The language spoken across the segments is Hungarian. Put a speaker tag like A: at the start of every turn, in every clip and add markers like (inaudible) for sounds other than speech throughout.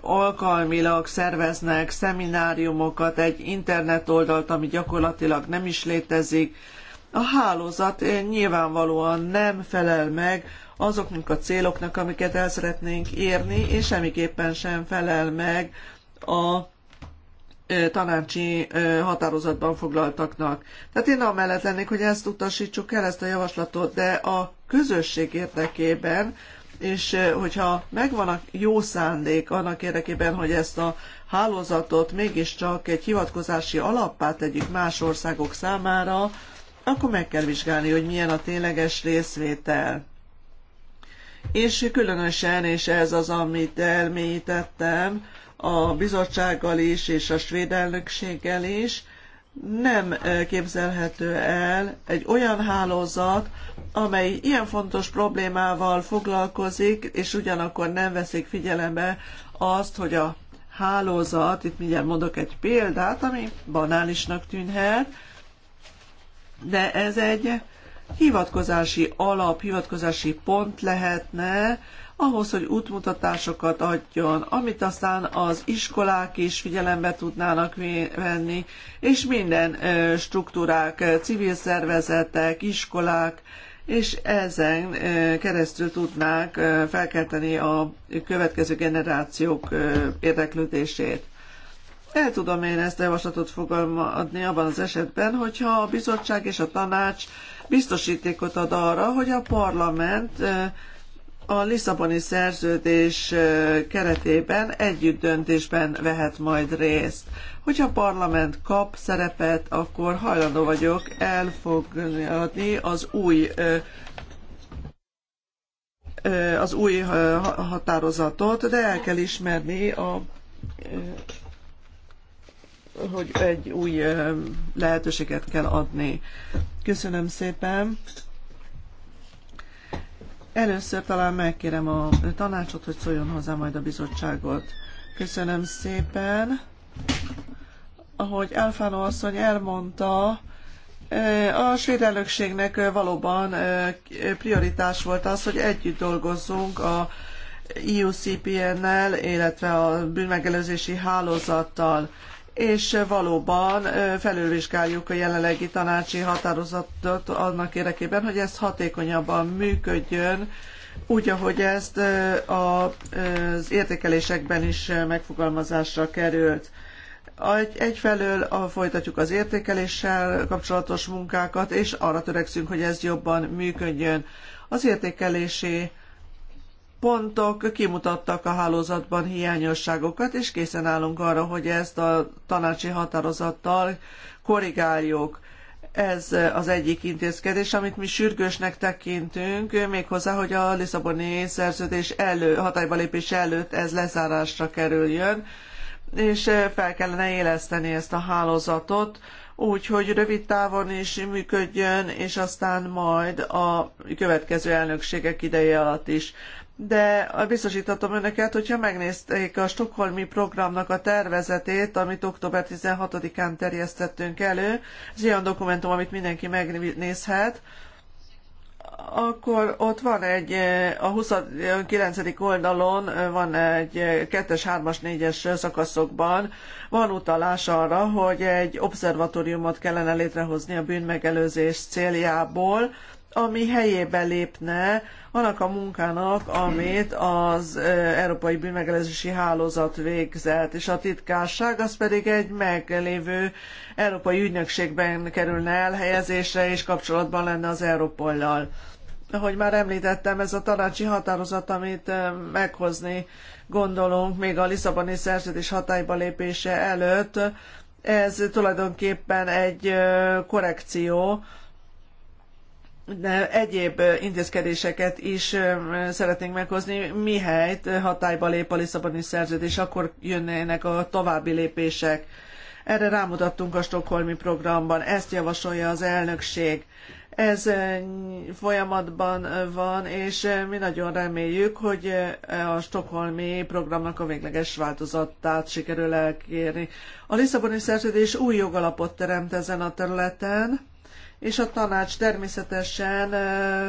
A: alkalmilag szerveznek szemináriumokat, egy internetoldalt, ami gyakorlatilag nem is létezik. A hálózat nyilvánvalóan nem felel meg azoknak a céloknak, amiket el szeretnénk érni, és semmiképpen sem felel meg a tanácsi határozatban foglaltaknak. Tehát én amellett lennék, hogy ezt utasítsuk el, ezt a javaslatot, de a közösség érdekében, és hogyha megvan a jó szándék annak érdekében, hogy ezt a hálózatot mégiscsak egy hivatkozási alappá tegyük más országok számára, akkor meg kell vizsgálni, hogy milyen a tényleges részvétel. És különösen, és ez az, amit elmélyítettem, a bizottsággal is, és a svéd elnökséggel is, nem képzelhető el egy olyan hálózat, amely ilyen fontos problémával foglalkozik, és ugyanakkor nem veszik figyelembe azt, hogy a hálózat, itt mindjárt mondok egy példát, ami banálisnak tűnhet, de ez egy hivatkozási alap, hivatkozási pont lehetne ahhoz, hogy útmutatásokat adjon, amit aztán az iskolák is figyelembe tudnának venni, és minden struktúrák, civil szervezetek, iskolák, és ezen keresztül tudnák felkelteni a következő generációk érdeklődését. El tudom én ezt a javaslatot fogalmazni abban az esetben, hogyha a bizottság és a tanács biztosítékot ad arra, hogy a parlament a Lisszaboni szerződés keretében együtt döntésben vehet majd részt. Hogyha a parlament kap szerepet, akkor hajlandó vagyok elfogadni az új az új határozatot, de el kell ismerni a hogy egy új lehetőséget kell adni. Köszönöm szépen. Először talán megkérem a tanácsot, hogy szóljon hozzá majd a bizottságot. Köszönöm szépen. Ahogy Alfano asszony elmondta, eh, a svéd elnökségnek eh, valóban eh, prioritás volt az, hogy együtt dolgozzunk a EUCPN-nel, illetve a bűnmegelőzési hálózattal és valóban felülvizsgáljuk a jelenlegi tanácsi határozatot annak érdekében, hogy ez hatékonyabban működjön, úgy, ahogy ezt az értékelésekben is megfogalmazásra került. Egyfelől folytatjuk az értékeléssel kapcsolatos munkákat, és arra törekszünk, hogy ez jobban működjön. Az értékelési pontok kimutattak a hálózatban hiányosságokat, és készen állunk arra, hogy ezt a tanácsi határozattal korrigáljuk. Ez az egyik intézkedés, amit mi sürgősnek tekintünk, méghozzá, hogy a Lisszaboni szerződés elő, hatályba lépés előtt ez lezárásra kerüljön, és fel kellene éleszteni ezt a hálózatot, úgy, hogy rövid távon is működjön, és aztán majd a következő elnökségek ideje alatt is de biztosítatom önöket, hogyha megnézték a Stockholmi programnak a tervezetét, amit október 16-án terjesztettünk elő, ez olyan dokumentum, amit mindenki megnézhet, akkor ott van egy, a 29. oldalon van egy 2-es, 3-as, 4-es szakaszokban van utalás arra, hogy egy obszervatóriumot kellene létrehozni a bűnmegelőzés céljából, ami helyébe lépne annak a munkának, amit az Európai Bűnmegelezési Hálózat végzett, és a titkárság az pedig egy meglévő európai ügynökségben kerülne elhelyezésre, és kapcsolatban lenne az Európollal. Ahogy már említettem, ez a tanácsi határozat, amit meghozni gondolunk még a Lisszaboni szerződés hatályba lépése előtt, ez tulajdonképpen egy korrekció, de egyéb intézkedéseket is szeretnénk meghozni, mihelyt hatályba lép a Lisszaboni szerződés, akkor jönnének a további lépések. Erre rámutattunk a Stockholmi programban, ezt javasolja az elnökség. Ez folyamatban van, és mi nagyon reméljük, hogy a Stockholmi programnak a végleges változatát sikerül elkérni. A Lisszaboni szerződés új jogalapot teremt ezen a területen, és a tanács természetesen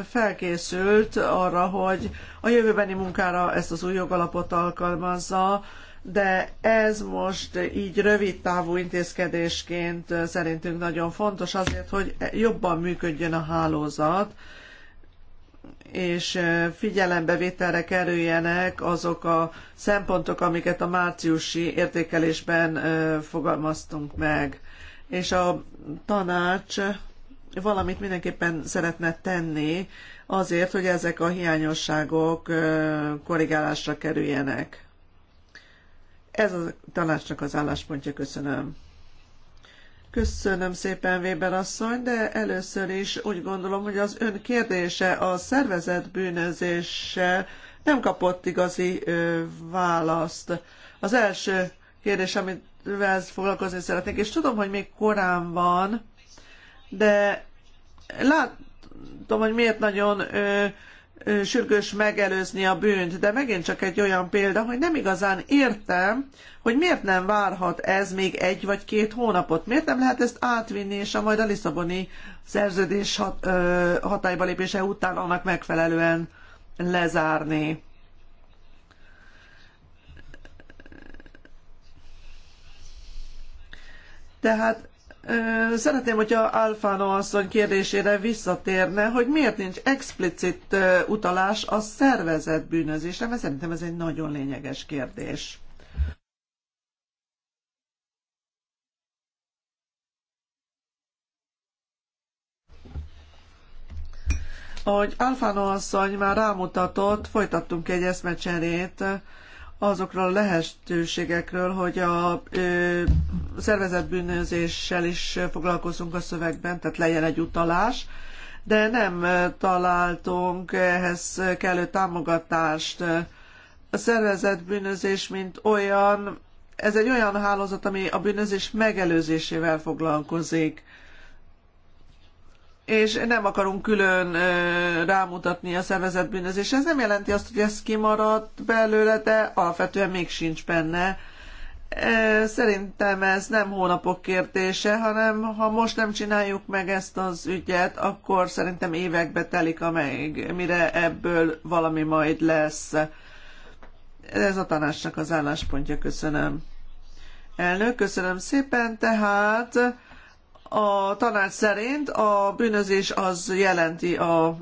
A: felkészült arra, hogy a jövőbeni munkára ezt az új jogalapot alkalmazza, de ez most így rövid távú intézkedésként szerintünk nagyon fontos azért, hogy jobban működjön a hálózat, és figyelembevételre kerüljenek azok a szempontok, amiket a márciusi értékelésben fogalmaztunk meg. És a tanács valamit mindenképpen szeretne tenni azért, hogy ezek a hiányosságok korrigálásra kerüljenek. Ez a tanácsnak az álláspontja, köszönöm. Köszönöm szépen, Weber asszony, de először is úgy gondolom, hogy az ön kérdése a szervezet nem kapott igazi ö, választ. Az első kérdés, amivel foglalkozni szeretnék, és tudom, hogy még korán van, de látom, hogy miért nagyon ö, ö, sürgős megelőzni a bűnt, de megint csak egy olyan példa, hogy nem igazán értem, hogy miért nem várhat ez még egy vagy két hónapot, miért nem lehet ezt átvinni, és a majd a Lisszaboni szerződés hat, ö, hatályba lépése után annak megfelelően lezárni. Tehát Szeretném, hogyha Alfano asszony kérdésére visszatérne, hogy miért nincs explicit utalás a szervezett bűnözésre, mert szerintem ez egy nagyon lényeges kérdés. Ahogy Alfano asszony már rámutatott, folytattunk egy eszmecserét azokról a lehetőségekről, hogy a ö, szervezetbűnözéssel is foglalkozunk a szövegben, tehát legyen egy utalás, de nem találtunk ehhez kellő támogatást. A szervezetbűnözés, mint olyan, ez egy olyan hálózat, ami a bűnözés megelőzésével foglalkozik és nem akarunk külön ö, rámutatni a szervezetbűnözés. Ez nem jelenti azt, hogy ez kimaradt belőle, de alapvetően még sincs benne. Szerintem ez nem hónapok kérdése, hanem ha most nem csináljuk meg ezt az ügyet, akkor szerintem évekbe telik, amelyik, mire ebből valami majd lesz. Ez a tanácsnak az álláspontja, köszönöm. Elnök, köszönöm szépen, tehát a tanács szerint a bűnözés az jelenti a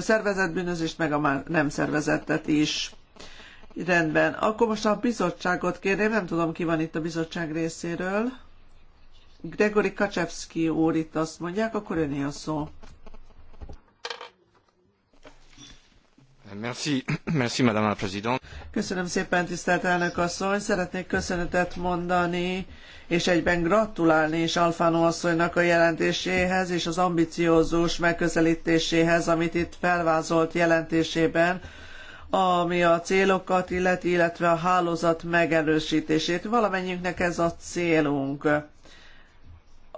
A: szervezett bűnözést, meg a már nem szervezettet is. Rendben. Akkor most a bizottságot kérném, nem tudom, ki van itt a bizottság részéről. Gregory Kacsevski úr itt azt mondják, akkor öné a szó.
B: Merci, (clears throat) merci Madame la Présidente.
A: Köszönöm szépen, tisztelt elnök asszony. Szeretnék köszönetet mondani, és egyben gratulálni is Alfano asszonynak a jelentéséhez és az ambiciózus megközelítéséhez, amit itt felvázolt jelentésében, ami a célokat illeti, illetve a hálózat megerősítését. Valamennyiünknek ez a célunk.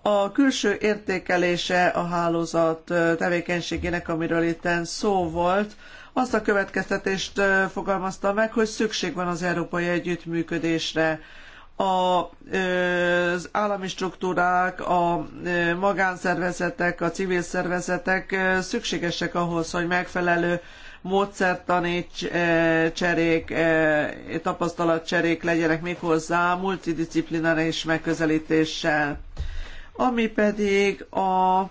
A: A külső értékelése a hálózat tevékenységének, amiről itt szó volt, azt a következtetést fogalmazta meg, hogy szükség van az európai együttműködésre az állami struktúrák, a magánszervezetek, a civil szervezetek szükségesek ahhoz, hogy megfelelő módszertani cserék, tapasztalatcserék legyenek méghozzá multidisciplináris megközelítéssel. Ami pedig a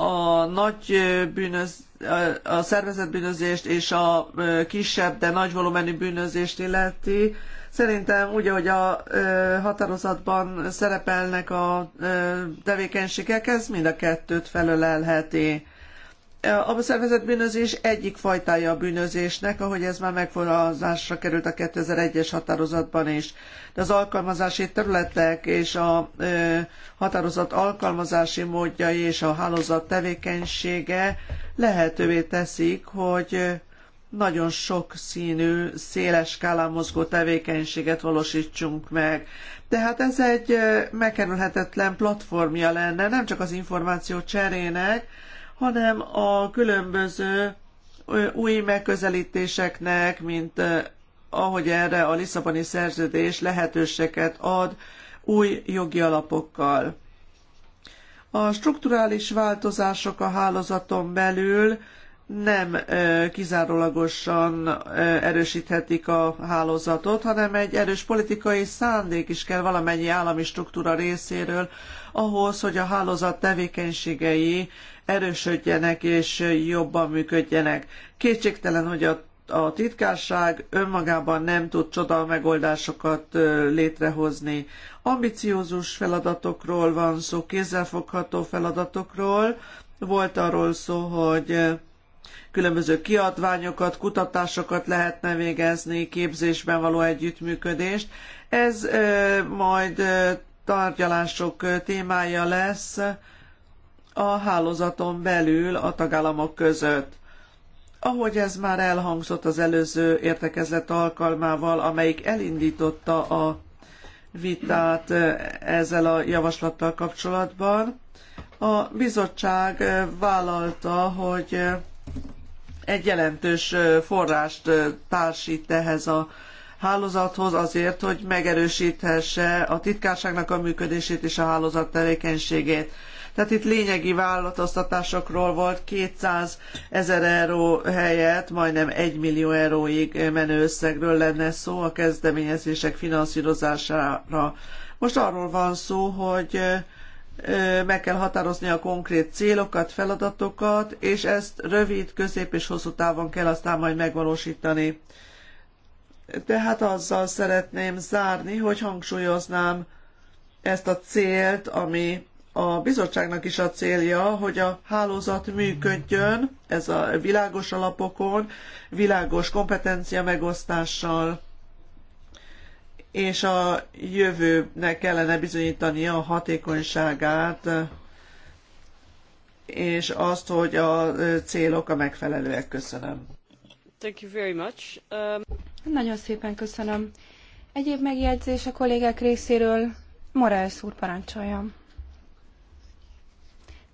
A: a nagy bűnöz, a szervezet bűnözést és a kisebb, de nagy volumenű bűnözést illeti, szerintem úgy, ahogy a határozatban szerepelnek a tevékenységek, ez mind a kettőt felölelheti a szervezett bűnözés egyik fajtája a bűnözésnek, ahogy ez már megfogalmazásra került a 2001-es határozatban is. De az alkalmazási területek és a határozat alkalmazási módjai és a hálózat tevékenysége lehetővé teszik, hogy nagyon sok színű, széles skálán mozgó tevékenységet valósítsunk meg. Tehát ez egy megkerülhetetlen platformja lenne, nem csak az információ cserének, hanem a különböző új megközelítéseknek, mint ahogy erre a Lisszaboni szerződés lehetőséget ad új jogi alapokkal. A strukturális változások a hálózaton belül nem kizárólagosan erősíthetik a hálózatot, hanem egy erős politikai szándék is kell valamennyi állami struktúra részéről ahhoz, hogy a hálózat tevékenységei erősödjenek és jobban működjenek. Kétségtelen, hogy a a titkárság önmagában nem tud csoda megoldásokat létrehozni. Ambiciózus feladatokról van szó, kézzelfogható feladatokról. Volt arról szó, hogy különböző kiadványokat, kutatásokat lehetne végezni, képzésben való együttműködést. Ez majd tárgyalások témája lesz a hálózaton belül a tagállamok között. Ahogy ez már elhangzott az előző értekezlet alkalmával, amelyik elindította a vitát ezzel a javaslattal kapcsolatban, a bizottság vállalta, hogy egy jelentős forrást társít ehhez a hálózathoz azért, hogy megerősíthesse a titkárságnak a működését és a hálózat tevékenységét. Tehát itt lényegi vállalatoztatásokról volt 200 ezer euró helyett, majdnem 1 millió euróig menő összegről lenne szó a kezdeményezések finanszírozására. Most arról van szó, hogy meg kell határozni a konkrét célokat, feladatokat, és ezt rövid, közép és hosszú távon kell aztán majd megvalósítani. Tehát azzal szeretném zárni, hogy hangsúlyoznám ezt a célt, ami a bizottságnak is a célja, hogy a hálózat működjön, ez a világos alapokon, világos kompetencia megosztással, és a jövőnek kellene bizonyítania a hatékonyságát, és azt, hogy a célok a megfelelőek. Köszönöm. Thank you very much. Um...
C: Nagyon szépen köszönöm. Egyéb megjegyzés a kollégák részéről. Morales úr parancsoljam.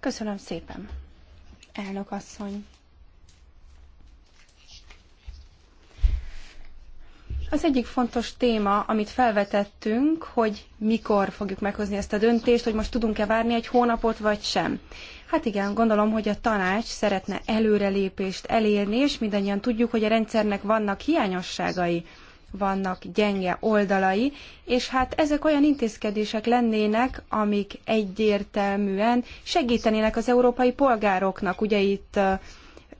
C: Köszönöm szépen, elnök asszony. Az egyik fontos téma, amit felvetettünk, hogy mikor fogjuk meghozni ezt a döntést, hogy most tudunk-e várni egy hónapot vagy sem. Hát igen, gondolom, hogy a tanács szeretne előrelépést elérni, és mindannyian tudjuk, hogy a rendszernek vannak hiányosságai vannak gyenge oldalai, és hát ezek olyan intézkedések lennének, amik egyértelműen segítenének az európai polgároknak. Ugye itt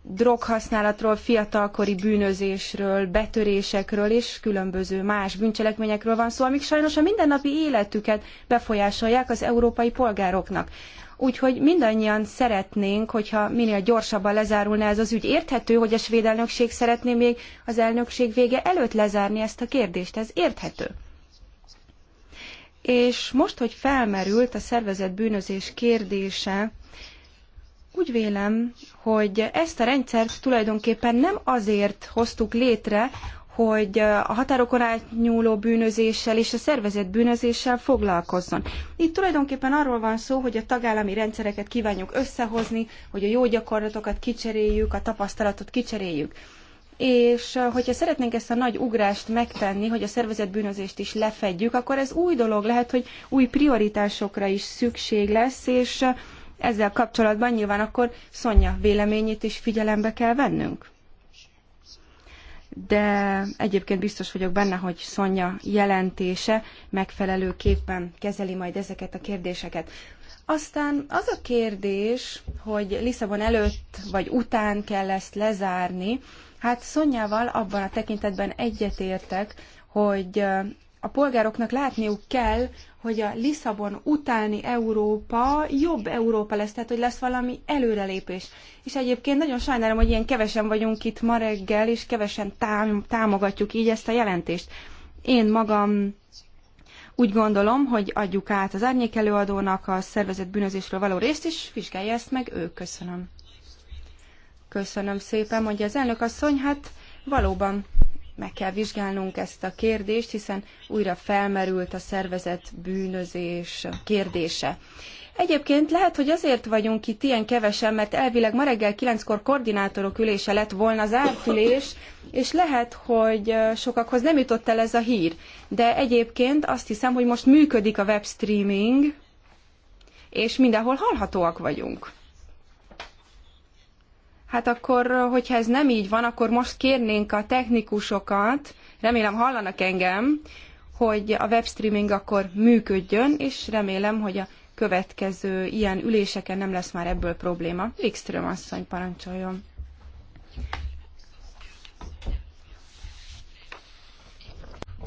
C: droghasználatról, fiatalkori bűnözésről, betörésekről és különböző más bűncselekményekről van szó, amik sajnos a mindennapi életüket befolyásolják az európai polgároknak úgyhogy mindannyian szeretnénk, hogyha minél gyorsabban lezárulna ez az ügy. Érthető, hogy a svéd elnökség szeretné még az elnökség vége előtt lezárni ezt a kérdést, ez érthető. És most, hogy felmerült a szervezett bűnözés kérdése, úgy vélem, hogy ezt a rendszert tulajdonképpen nem azért hoztuk létre, hogy a határokon átnyúló bűnözéssel és a szervezett bűnözéssel foglalkozzon. Itt tulajdonképpen arról van szó, hogy a tagállami rendszereket kívánjuk összehozni, hogy a jó gyakorlatokat kicseréljük, a tapasztalatot kicseréljük. És hogyha szeretnénk ezt a nagy ugrást megtenni, hogy a szervezett bűnözést is lefedjük, akkor ez új dolog lehet, hogy új prioritásokra is szükség lesz, és ezzel kapcsolatban nyilván akkor Szonya véleményét is figyelembe kell vennünk de egyébként biztos vagyok benne, hogy Szonya jelentése megfelelőképpen kezeli majd ezeket a kérdéseket. Aztán az a kérdés, hogy Lisszabon előtt vagy után kell ezt lezárni, hát Szonyával abban a tekintetben egyetértek, hogy a polgároknak látniuk kell, hogy a Lisszabon utáni Európa jobb Európa lesz, tehát hogy lesz valami előrelépés. És egyébként nagyon sajnálom, hogy ilyen kevesen vagyunk itt ma reggel, és kevesen tám- támogatjuk így ezt a jelentést. Én magam úgy gondolom, hogy adjuk át az árnyékelőadónak a szervezett bűnözésről való részt, és vizsgálja ezt meg ő. Köszönöm. Köszönöm szépen, mondja az elnök asszony, hát valóban meg kell vizsgálnunk ezt a kérdést, hiszen újra felmerült a szervezet bűnözés kérdése. Egyébként lehet, hogy azért vagyunk itt ilyen kevesen, mert elvileg ma reggel kilenckor koordinátorok ülése lett volna az ártülés, és lehet, hogy sokakhoz nem jutott el ez a hír. De egyébként azt hiszem, hogy most működik a webstreaming, és mindenhol hallhatóak vagyunk. Hát akkor, hogyha ez nem így van, akkor most kérnénk a technikusokat, remélem hallanak engem, hogy a webstreaming akkor működjön, és remélem, hogy a következő ilyen üléseken nem lesz már ebből probléma. Wikström asszony parancsoljon.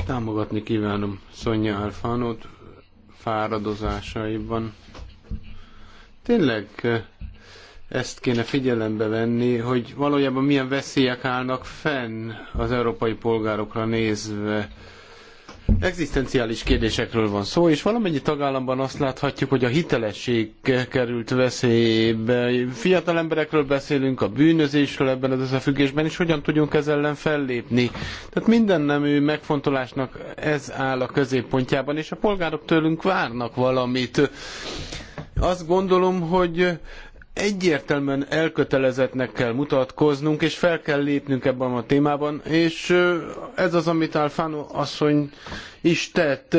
B: Támogatni kívánom Szonya Alfánót fáradozásaiban. Tényleg eh, ezt kéne figyelembe venni, hogy valójában milyen veszélyek állnak fenn az európai polgárokra nézve. Egzisztenciális kérdésekről van szó, és valamennyi tagállamban azt láthatjuk, hogy a hitelesség került veszélybe. Fiatal emberekről beszélünk, a bűnözésről ebben az összefüggésben, és hogyan tudjunk ezzel ellen fellépni. Tehát minden nemű megfontolásnak ez áll a középpontjában, és a polgárok tőlünk várnak valamit. Azt gondolom, hogy egyértelműen elkötelezettnek kell mutatkoznunk, és fel kell lépnünk ebben a témában, és ez az, amit Alfano asszony is tett.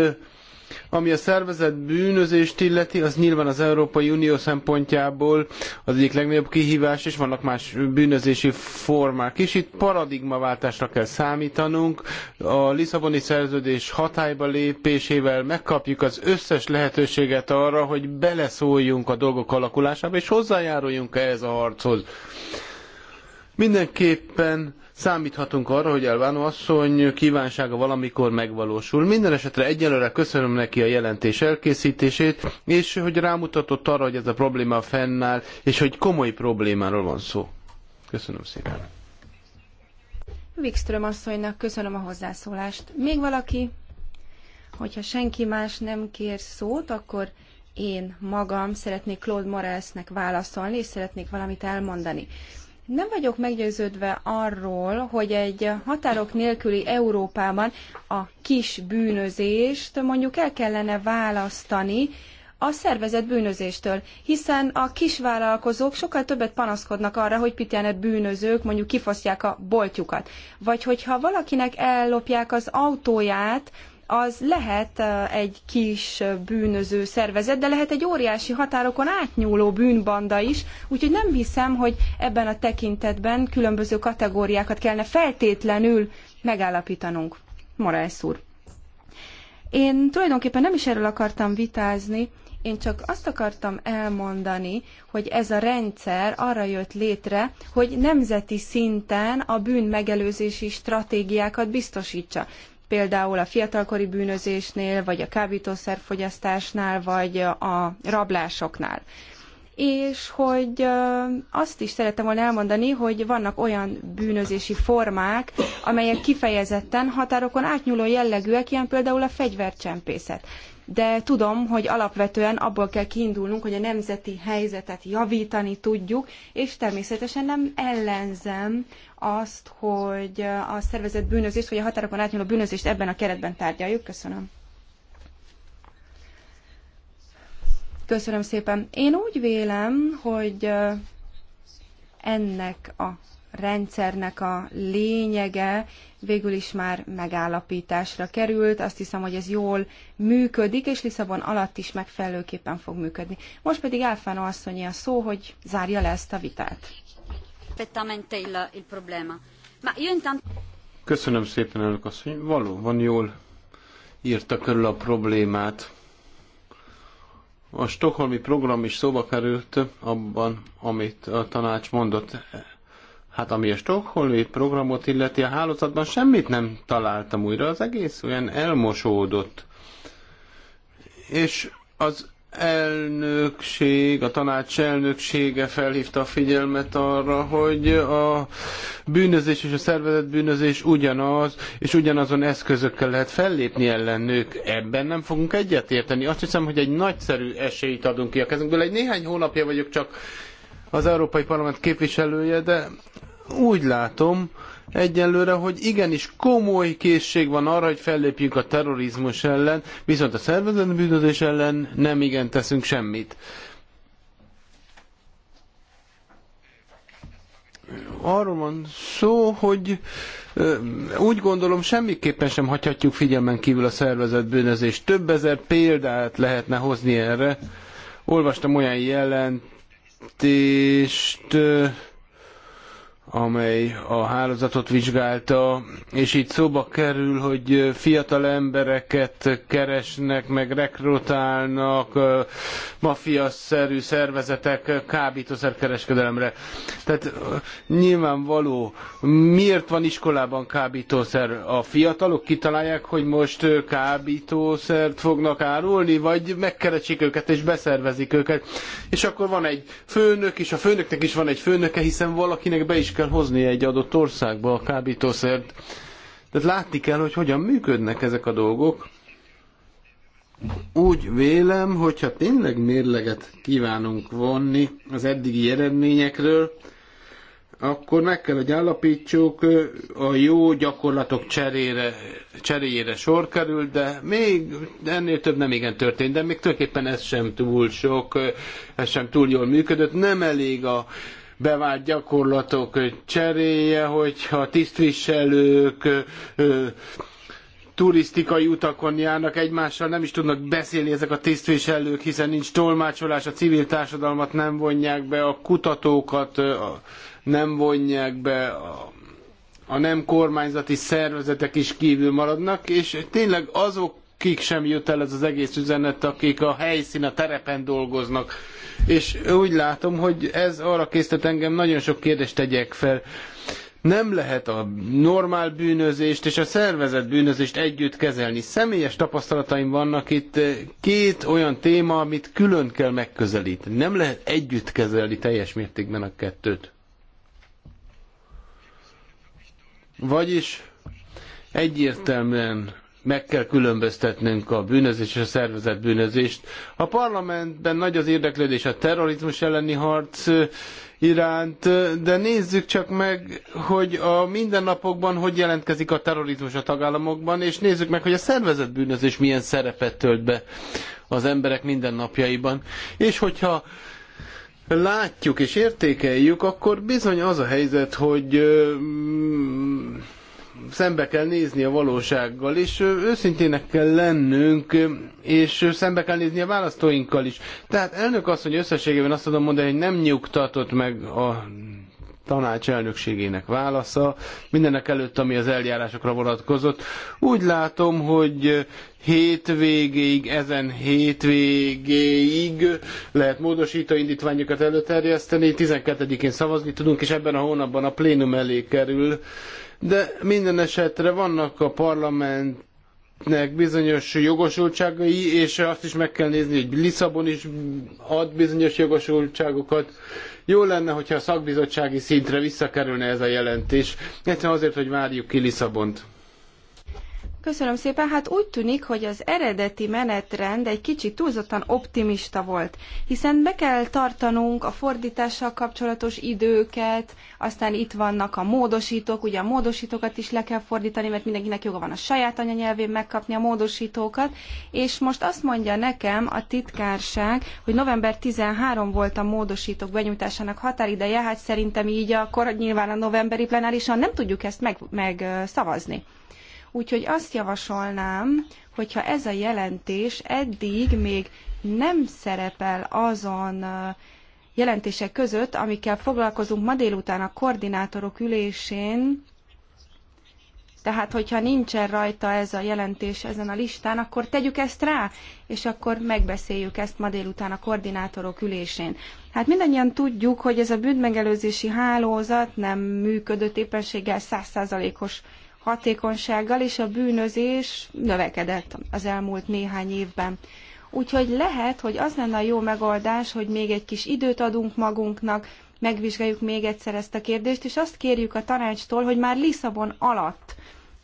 B: Ami a szervezet bűnözést illeti, az nyilván az Európai Unió szempontjából az egyik legnagyobb kihívás, és vannak más bűnözési formák is. Itt paradigmaváltásra kell számítanunk. A Lisszaboni szerződés hatályba lépésével megkapjuk az összes lehetőséget arra, hogy beleszóljunk a dolgok alakulásába, és hozzájáruljunk ehhez a harchoz. Mindenképpen Számíthatunk arra, hogy Elvánó asszony kívánsága valamikor megvalósul. Minden esetre egyelőre köszönöm neki a jelentés elkészítését, és hogy rámutatott arra, hogy ez a probléma fennáll, és hogy komoly problémáról van szó. Köszönöm szépen.
C: Wikström asszonynak köszönöm a hozzászólást. Még valaki? Hogyha senki más nem kér szót, akkor én magam szeretnék Claude Morelsnek válaszolni, és szeretnék valamit elmondani. Nem vagyok meggyőződve arról, hogy egy határok nélküli Európában a kis bűnözést mondjuk el kellene választani a szervezett bűnözéstől, hiszen a kisvállalkozók sokkal többet panaszkodnak arra, hogy pitjánat bűnözők mondjuk kifosztják a boltjukat. Vagy hogyha valakinek ellopják az autóját, az lehet egy kis bűnöző szervezet, de lehet egy óriási határokon átnyúló bűnbanda is, úgyhogy nem hiszem, hogy ebben a tekintetben különböző kategóriákat kellene feltétlenül megállapítanunk. Morales úr. Én tulajdonképpen nem is erről akartam vitázni, én csak azt akartam elmondani, hogy ez a rendszer arra jött létre, hogy nemzeti szinten a bűn megelőzési stratégiákat biztosítsa például a fiatalkori bűnözésnél, vagy a kábítószerfogyasztásnál, vagy a rablásoknál. És hogy azt is szerettem volna elmondani, hogy vannak olyan bűnözési formák, amelyek kifejezetten határokon átnyúló jellegűek, ilyen például a fegyvercsempészet de tudom, hogy alapvetően abból kell kiindulnunk, hogy a nemzeti helyzetet javítani tudjuk, és természetesen nem ellenzem azt, hogy a szervezett bűnözést, vagy a határokon átnyúló bűnözést ebben a keretben tárgyaljuk. Köszönöm. Köszönöm szépen. Én úgy vélem, hogy ennek a rendszernek a lényege végül is már megállapításra került. Azt hiszem, hogy ez jól működik, és Lisszabon alatt is megfelelőképpen fog működni. Most pedig Alfano asszonyi a szó, hogy zárja le ezt a vitát.
B: Köszönöm szépen, elnök asszony. Valóban jól írta körül a problémát. A stokholmi program is szóba került abban, amit a tanács mondott. Hát ami a Stockholmi programot illeti, a hálózatban semmit nem találtam újra, az egész olyan elmosódott. És az elnökség, a tanács elnöksége felhívta a figyelmet arra, hogy a bűnözés és a szervezett bűnözés ugyanaz, és ugyanazon eszközökkel lehet fellépni ellenük. Ebben nem fogunk egyetérteni. Azt hiszem, hogy egy nagyszerű esélyt adunk ki a kezünkből. Egy néhány hónapja vagyok csak az Európai Parlament képviselője, de úgy látom egyelőre, hogy igenis komoly készség van arra, hogy fellépjünk a terrorizmus ellen, viszont a szervezett bűnözés ellen nem igen teszünk semmit. arról van szó, hogy úgy gondolom semmiképpen sem hagyhatjuk figyelmen kívül a szervezett bűnözést. Több ezer példát lehetne hozni erre. Olvastam olyan jelentést, amely a hálózatot vizsgálta, és itt szóba kerül, hogy fiatal embereket keresnek, meg rekrutálnak mafiaszerű szervezetek kábítószerkereskedelemre. Tehát nyilvánvaló, miért van iskolában kábítószer? A fiatalok kitalálják, hogy most kábítószert fognak árulni, vagy megkeresik őket és beszervezik őket. És akkor van egy főnök, és a főnöknek is van egy főnöke, hiszen valakinek be is kell hozni egy adott országba a kábítószert. Tehát látni kell, hogy hogyan működnek ezek a dolgok. Úgy vélem, hogyha tényleg mérleget kívánunk vonni az eddigi eredményekről, akkor meg kell, hogy állapítsuk, a jó gyakorlatok cserére, cseréjére sor kerül, de még ennél több nem igen történt, de még tulajdonképpen ez sem túl sok, ez sem túl jól működött, nem elég a bevált gyakorlatok cseréje, hogyha tisztviselők turisztikai utakon járnak, egymással nem is tudnak beszélni ezek a tisztviselők, hiszen nincs tolmácsolás, a civil társadalmat nem vonják be, a kutatókat nem vonják be, a nem kormányzati szervezetek is kívül maradnak, és tényleg azok Kik sem jut el ez az egész üzenet, akik a helyszín, a terepen dolgoznak. És úgy látom, hogy ez arra késztet engem, nagyon sok kérdést tegyek fel nem lehet a normál bűnözést és a szervezett bűnözést együtt kezelni. Személyes tapasztalataim vannak itt két olyan téma, amit külön kell megközelíteni. Nem lehet együtt kezelni teljes mértékben a kettőt. Vagyis egyértelműen meg kell különböztetnünk a bűnözés és a szervezett bűnözést. A parlamentben nagy az érdeklődés a terrorizmus elleni harc iránt, de nézzük csak meg, hogy a mindennapokban hogy jelentkezik a terrorizmus a tagállamokban, és nézzük meg, hogy a szervezett bűnözés milyen szerepet tölt be az emberek mindennapjaiban. És hogyha látjuk és értékeljük, akkor bizony az a helyzet, hogy szembe kell nézni a valósággal, és őszintének kell lennünk, és szembe kell nézni a választóinkkal is. Tehát elnök asszony összességében azt tudom mondani, hogy nem nyugtatott meg a tanács elnökségének válasza, mindenek előtt, ami az eljárásokra vonatkozott. Úgy látom, hogy hétvégéig, ezen hétvégéig lehet módosító indítványokat előterjeszteni, 12-én szavazni tudunk, és ebben a hónapban a plénum elé kerül de minden esetre vannak a parlamentnek bizonyos jogosultságai, és azt is meg kell nézni, hogy Lisszabon is ad bizonyos jogosultságokat. Jó lenne, hogyha a szakbizottsági szintre visszakerülne ez a jelentés, egyszerűen azért, hogy várjuk ki Lisszabont.
C: Köszönöm szépen. Hát úgy tűnik, hogy az eredeti menetrend egy kicsit túlzottan optimista volt, hiszen be kell tartanunk a fordítással kapcsolatos időket, aztán itt vannak a módosítók, ugye a módosítókat is le kell fordítani, mert mindenkinek joga van a saját anyanyelvén megkapni a módosítókat, és most azt mondja nekem a titkárság, hogy november 13 volt a módosítók benyújtásának határideje, hát szerintem így akkor nyilván a novemberi plenárison nem tudjuk ezt megszavazni. Meg, meg szavazni. Úgyhogy azt javasolnám, hogyha ez a jelentés eddig még nem szerepel azon jelentések között, amikkel foglalkozunk ma délután a koordinátorok ülésén, tehát, hogyha nincsen rajta ez a jelentés ezen a listán, akkor tegyük ezt rá, és akkor megbeszéljük ezt ma délután a koordinátorok ülésén. Hát mindannyian tudjuk, hogy ez a bűnmegelőzési hálózat nem működött éppenséggel százszázalékos hatékonysággal, és a bűnözés növekedett az elmúlt néhány évben. Úgyhogy lehet, hogy az lenne a jó megoldás, hogy még egy kis időt adunk magunknak, megvizsgáljuk még egyszer ezt a kérdést, és azt kérjük a tanácstól, hogy már Lisszabon alatt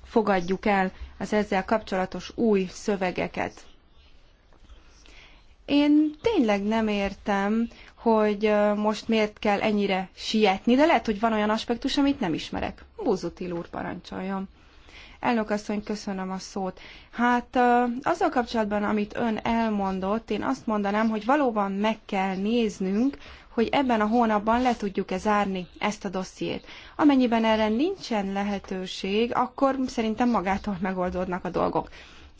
C: fogadjuk el az ezzel kapcsolatos új szövegeket. Én tényleg nem értem, hogy most miért kell ennyire sietni, de lehet, hogy van olyan aspektus, amit nem ismerek. Búzutil úr, parancsoljon. Elnök asszony, köszönöm a szót. Hát azzal kapcsolatban, amit ön elmondott, én azt mondanám, hogy valóban meg kell néznünk, hogy ebben a hónapban le tudjuk-e zárni ezt a dossziét. Amennyiben erre nincsen lehetőség, akkor szerintem magától megoldódnak a dolgok.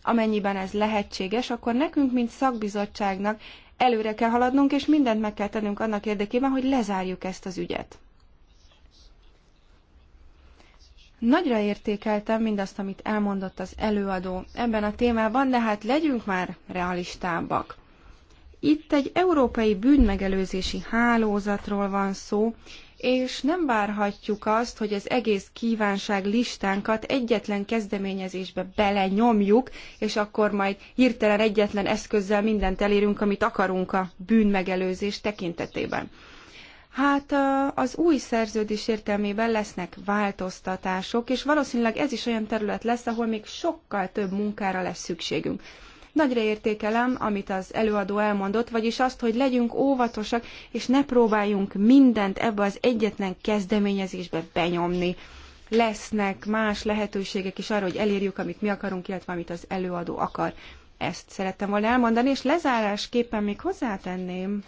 C: Amennyiben ez lehetséges, akkor nekünk, mint szakbizottságnak Előre kell haladnunk, és mindent meg kell tennünk annak érdekében, hogy lezárjuk ezt az ügyet. Nagyra értékeltem mindazt, amit elmondott az előadó ebben a témában, de hát legyünk már realistábbak. Itt egy európai bűnmegelőzési hálózatról van szó, és nem várhatjuk azt, hogy az egész kívánság listánkat egyetlen kezdeményezésbe belenyomjuk, és akkor majd hirtelen egyetlen eszközzel mindent elérünk, amit akarunk a bűnmegelőzés tekintetében. Hát az új szerződés értelmében lesznek változtatások, és valószínűleg ez is olyan terület lesz, ahol még sokkal több munkára lesz szükségünk. Nagyra értékelem, amit az előadó elmondott, vagyis azt, hogy legyünk óvatosak, és ne próbáljunk mindent ebbe az egyetlen kezdeményezésbe benyomni. Lesznek más lehetőségek is arra, hogy elérjük, amit mi akarunk, illetve amit az előadó akar. Ezt szerettem volna elmondani, és lezárásképpen még hozzátenném,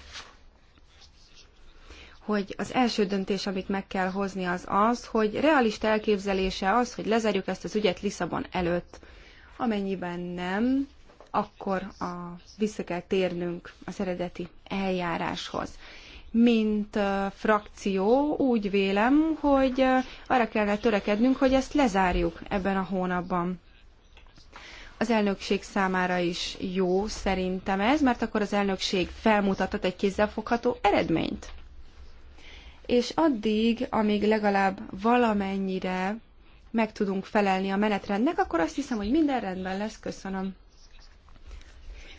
C: hogy az első döntés, amit meg kell hozni, az az, hogy realista elképzelése az, hogy lezerjük ezt az ügyet Lisszabon előtt. Amennyiben nem, akkor a, vissza kell térnünk az eredeti eljáráshoz. Mint uh, frakció úgy vélem, hogy uh, arra kellene törekednünk, hogy ezt lezárjuk ebben a hónapban. Az elnökség számára is jó szerintem ez, mert akkor az elnökség felmutathat egy kézzelfogható eredményt. És addig, amíg legalább valamennyire meg tudunk felelni a menetrendnek, akkor azt hiszem, hogy minden rendben lesz. Köszönöm.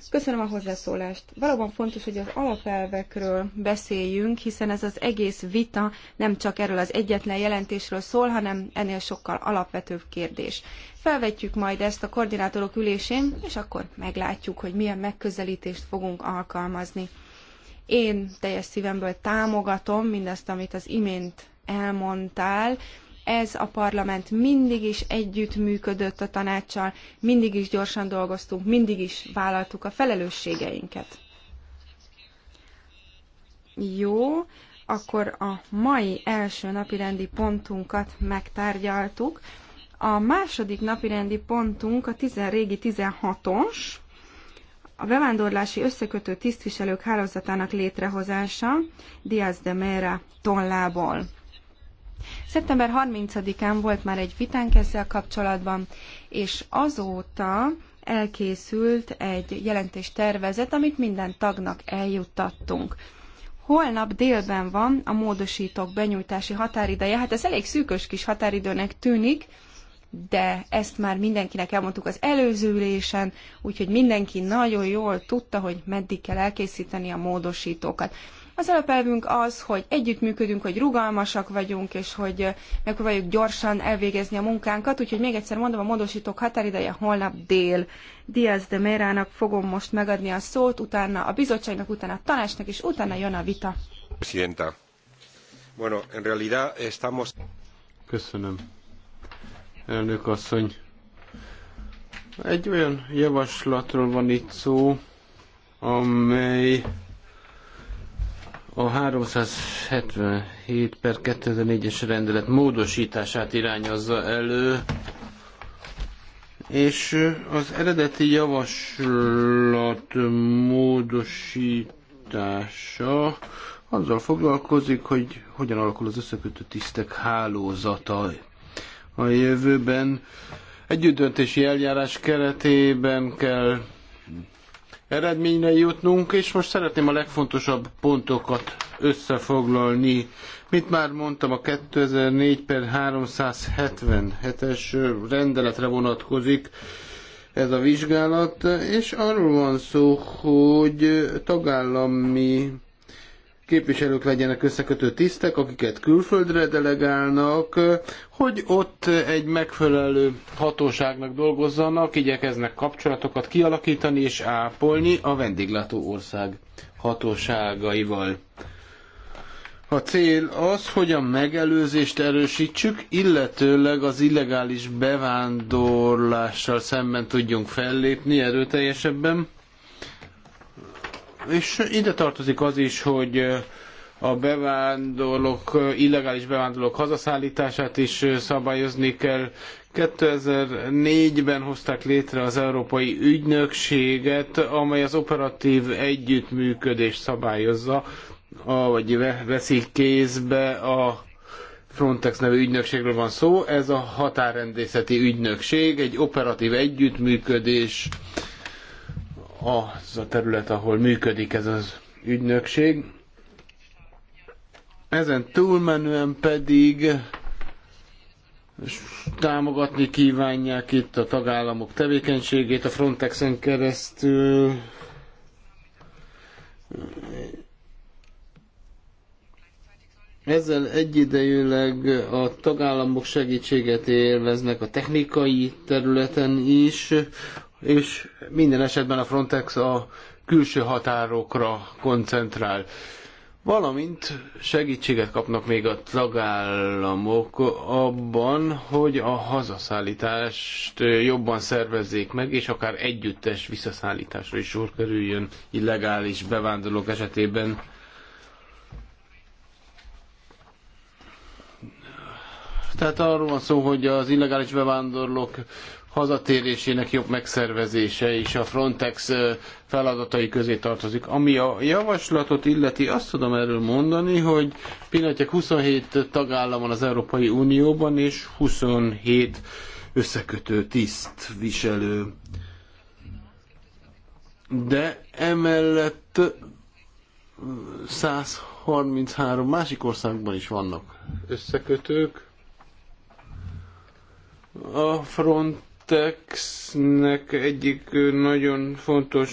C: Köszönöm a hozzászólást. Valóban fontos, hogy az alapelvekről beszéljünk, hiszen ez az egész vita nem csak erről az egyetlen jelentésről szól, hanem ennél sokkal alapvetőbb kérdés. Felvetjük majd ezt a koordinátorok ülésén, és akkor meglátjuk, hogy milyen megközelítést fogunk alkalmazni. Én teljes szívemből támogatom mindazt, amit az imént elmondtál, ez a parlament mindig is együttműködött a tanácssal, mindig is gyorsan dolgoztunk, mindig is vállaltuk a felelősségeinket. Jó, akkor a mai első napirendi pontunkat megtárgyaltuk. A második napirendi pontunk a tizen, régi 16-os, a bevándorlási összekötő tisztviselők hálózatának létrehozása Diaz de Mera tollából. Szeptember 30-án volt már egy vitánk ezzel kapcsolatban, és azóta elkészült egy jelentéstervezet, amit minden tagnak eljuttattunk. Holnap délben van a módosítók benyújtási határideje. Hát ez elég szűkös kis határidőnek tűnik, de ezt már mindenkinek elmondtuk az előző ülésen, úgyhogy mindenki nagyon jól tudta, hogy meddig kell elkészíteni a módosítókat. Az alapelvünk az, hogy együttműködünk, hogy rugalmasak vagyunk, és hogy megpróbáljuk gyorsan elvégezni a munkánkat, úgyhogy még egyszer mondom, a módosítók határideje holnap dél. Diaz de Merának fogom most megadni a szót, utána a bizottságnak, utána a tanácsnak, és utána jön a vita.
A: Presidenta.
B: Bueno, en realidad estamos... Köszönöm. Elnök asszony, egy olyan javaslatról van itt szó, amely a 377 per 2004-es rendelet módosítását irányozza elő, és az eredeti javaslat módosítása azzal foglalkozik, hogy hogyan alakul az összekötő tisztek hálózata a jövőben. Együttdöntési eljárás keretében kell eredményre jutnunk, és most szeretném a legfontosabb pontokat összefoglalni. Mit már mondtam, a 2004 per 377-es rendeletre vonatkozik ez a vizsgálat, és arról van szó, hogy tagállami képviselők legyenek összekötő tisztek, akiket külföldre delegálnak, hogy ott egy megfelelő hatóságnak dolgozzanak, igyekeznek kapcsolatokat kialakítani és ápolni a vendéglátó ország hatóságaival. A cél az, hogy a megelőzést erősítsük, illetőleg az illegális bevándorlással szemben tudjunk fellépni erőteljesebben és ide tartozik az is, hogy a bevándorlók, illegális bevándorlók hazaszállítását is szabályozni kell. 2004-ben hozták létre az Európai Ügynökséget, amely az operatív együttműködés szabályozza, a, vagy veszi kézbe a Frontex nevű ügynökségről van szó. Ez a határrendészeti ügynökség, egy operatív együttműködés az a terület, ahol működik ez az ügynökség. Ezen túlmenően pedig támogatni kívánják itt a tagállamok tevékenységét a Frontexen keresztül. Ezzel egyidejűleg a tagállamok segítséget élveznek a technikai területen is, és minden esetben a Frontex a külső határokra koncentrál. Valamint segítséget kapnak még a tagállamok abban, hogy a hazaszállítást jobban szervezzék meg, és akár együttes visszaszállításra is sor kerüljön illegális bevándorlók esetében. Tehát arról van szó, hogy az illegális bevándorlók hazatérésének jobb megszervezése is a Frontex feladatai közé tartozik. Ami a javaslatot illeti, azt tudom erről mondani, hogy pillanatják 27 tagállam van az Európai Unióban, és 27 összekötő tiszt viselő. De emellett 133 másik országban is vannak összekötők, a front Texnek egyik nagyon fontos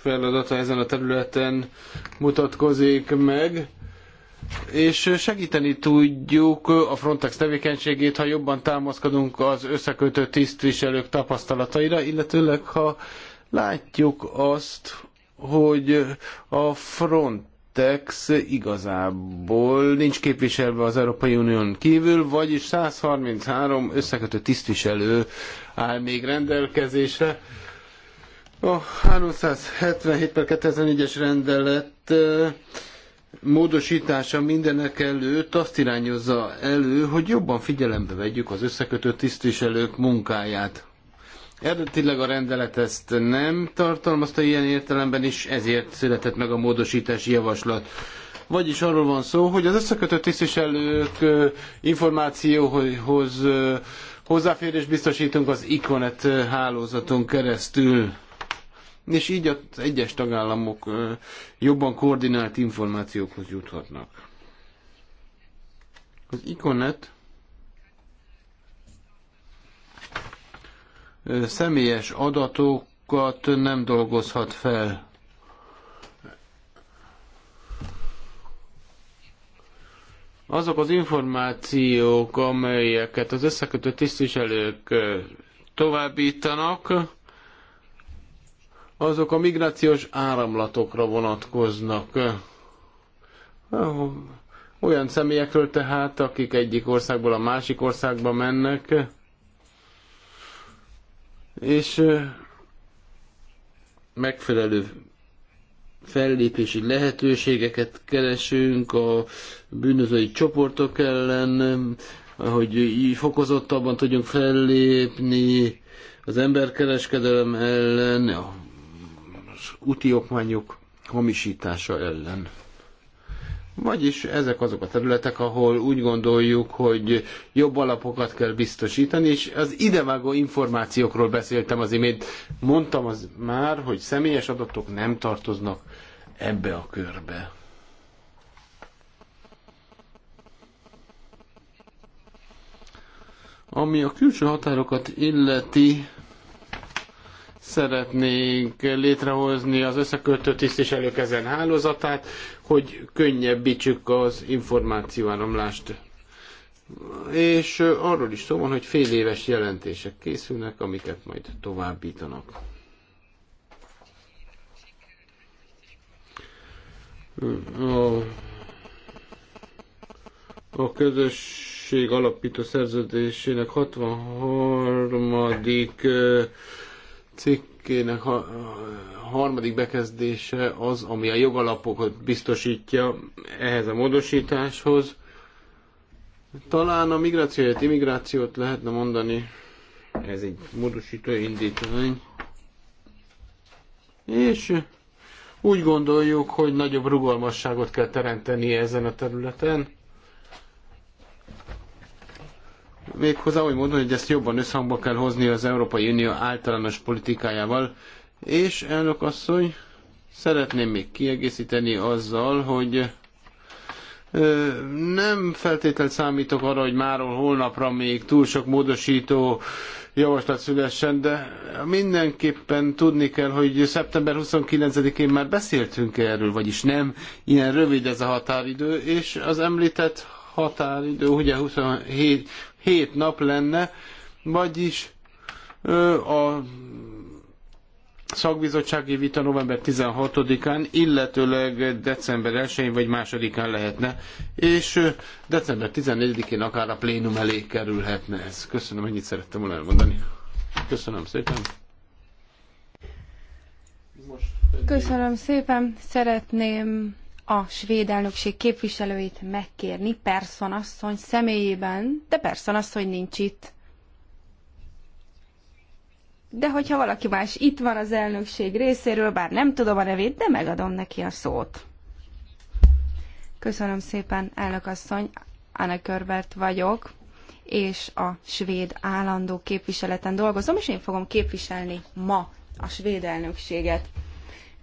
B: feladata ezen a területen mutatkozik meg, és segíteni tudjuk a Frontex tevékenységét, ha jobban támaszkodunk az összekötő tisztviselők tapasztalataira, illetőleg ha látjuk azt, hogy a Frontex igazából nincs képviselve az Európai Unión kívül, vagyis 133 összekötő tisztviselő áll még rendelkezésre. A 377 per 2004-es rendelet módosítása mindenek előtt azt irányozza elő, hogy jobban figyelembe vegyük az összekötő tisztviselők munkáját. Eredetileg a rendelet ezt nem tartalmazta ilyen értelemben is, ezért született meg a módosítási javaslat. Vagyis arról van szó, hogy az összekötött tisztviselők információhoz hozzáférést biztosítunk az Iconet hálózaton keresztül, és így az egyes tagállamok jobban koordinált információkhoz juthatnak. Az Iconet személyes adatokat nem dolgozhat fel Azok az információk, amelyeket az összekötő tisztviselők továbbítanak, azok a migrációs áramlatokra vonatkoznak. Olyan személyekről tehát, akik egyik országból a másik országba mennek, és megfelelő fellépési lehetőségeket keresünk a bűnözői csoportok ellen, hogy fokozottabban tudjunk fellépni az emberkereskedelem ellen, az úti okmányok hamisítása ellen. Vagyis ezek azok a területek, ahol úgy gondoljuk, hogy jobb alapokat kell biztosítani, és az idevágó információkról beszéltem az imént. Mondtam az már, hogy személyes adatok nem tartoznak ebbe a körbe. Ami a külső határokat illeti, szeretnénk létrehozni az összekötő tisztés előkezen hálózatát, hogy könnyebbítsük az információáramlást. És arról is szó van, hogy fél éves jelentések készülnek, amiket majd továbbítanak. A, a közösség alapító szerződésének 63. cikkének a harmadik bekezdése az, ami a jogalapokat biztosítja ehhez a módosításhoz. Talán a migrációt, immigrációt lehetne mondani. Ez egy módosító indítvány. És úgy gondoljuk, hogy nagyobb rugalmasságot kell teremteni ezen a területen. Méghozzá úgy mondom, hogy ezt jobban összhangba kell hozni az Európai Unió általános politikájával. És elnök asszony, szeretném még kiegészíteni azzal, hogy nem feltétlenül számítok arra, hogy máról holnapra még túl sok módosító javaslat szülessen, de mindenképpen tudni kell, hogy szeptember 29-én már beszéltünk erről, vagyis nem, ilyen rövid ez a határidő, és az említett határidő ugye 27 7 nap lenne, vagyis a szakbizottsági vita november 16-án, illetőleg december 1-én vagy 2-án lehetne, és december 14-én akár a plénum elé kerülhetne ez. Köszönöm, ennyit szerettem volna elmondani. Köszönöm szépen.
C: Köszönöm szépen. Szeretném a svéd elnökség képviselőit megkérni, Persson asszony személyében, de Persson asszony nincs itt de hogyha valaki más itt van az elnökség részéről, bár nem tudom a nevét, de megadom neki a szót. Köszönöm szépen, elnök asszony, Anna Körbert vagyok, és a svéd állandó képviseleten dolgozom, és én fogom képviselni ma a svéd elnökséget.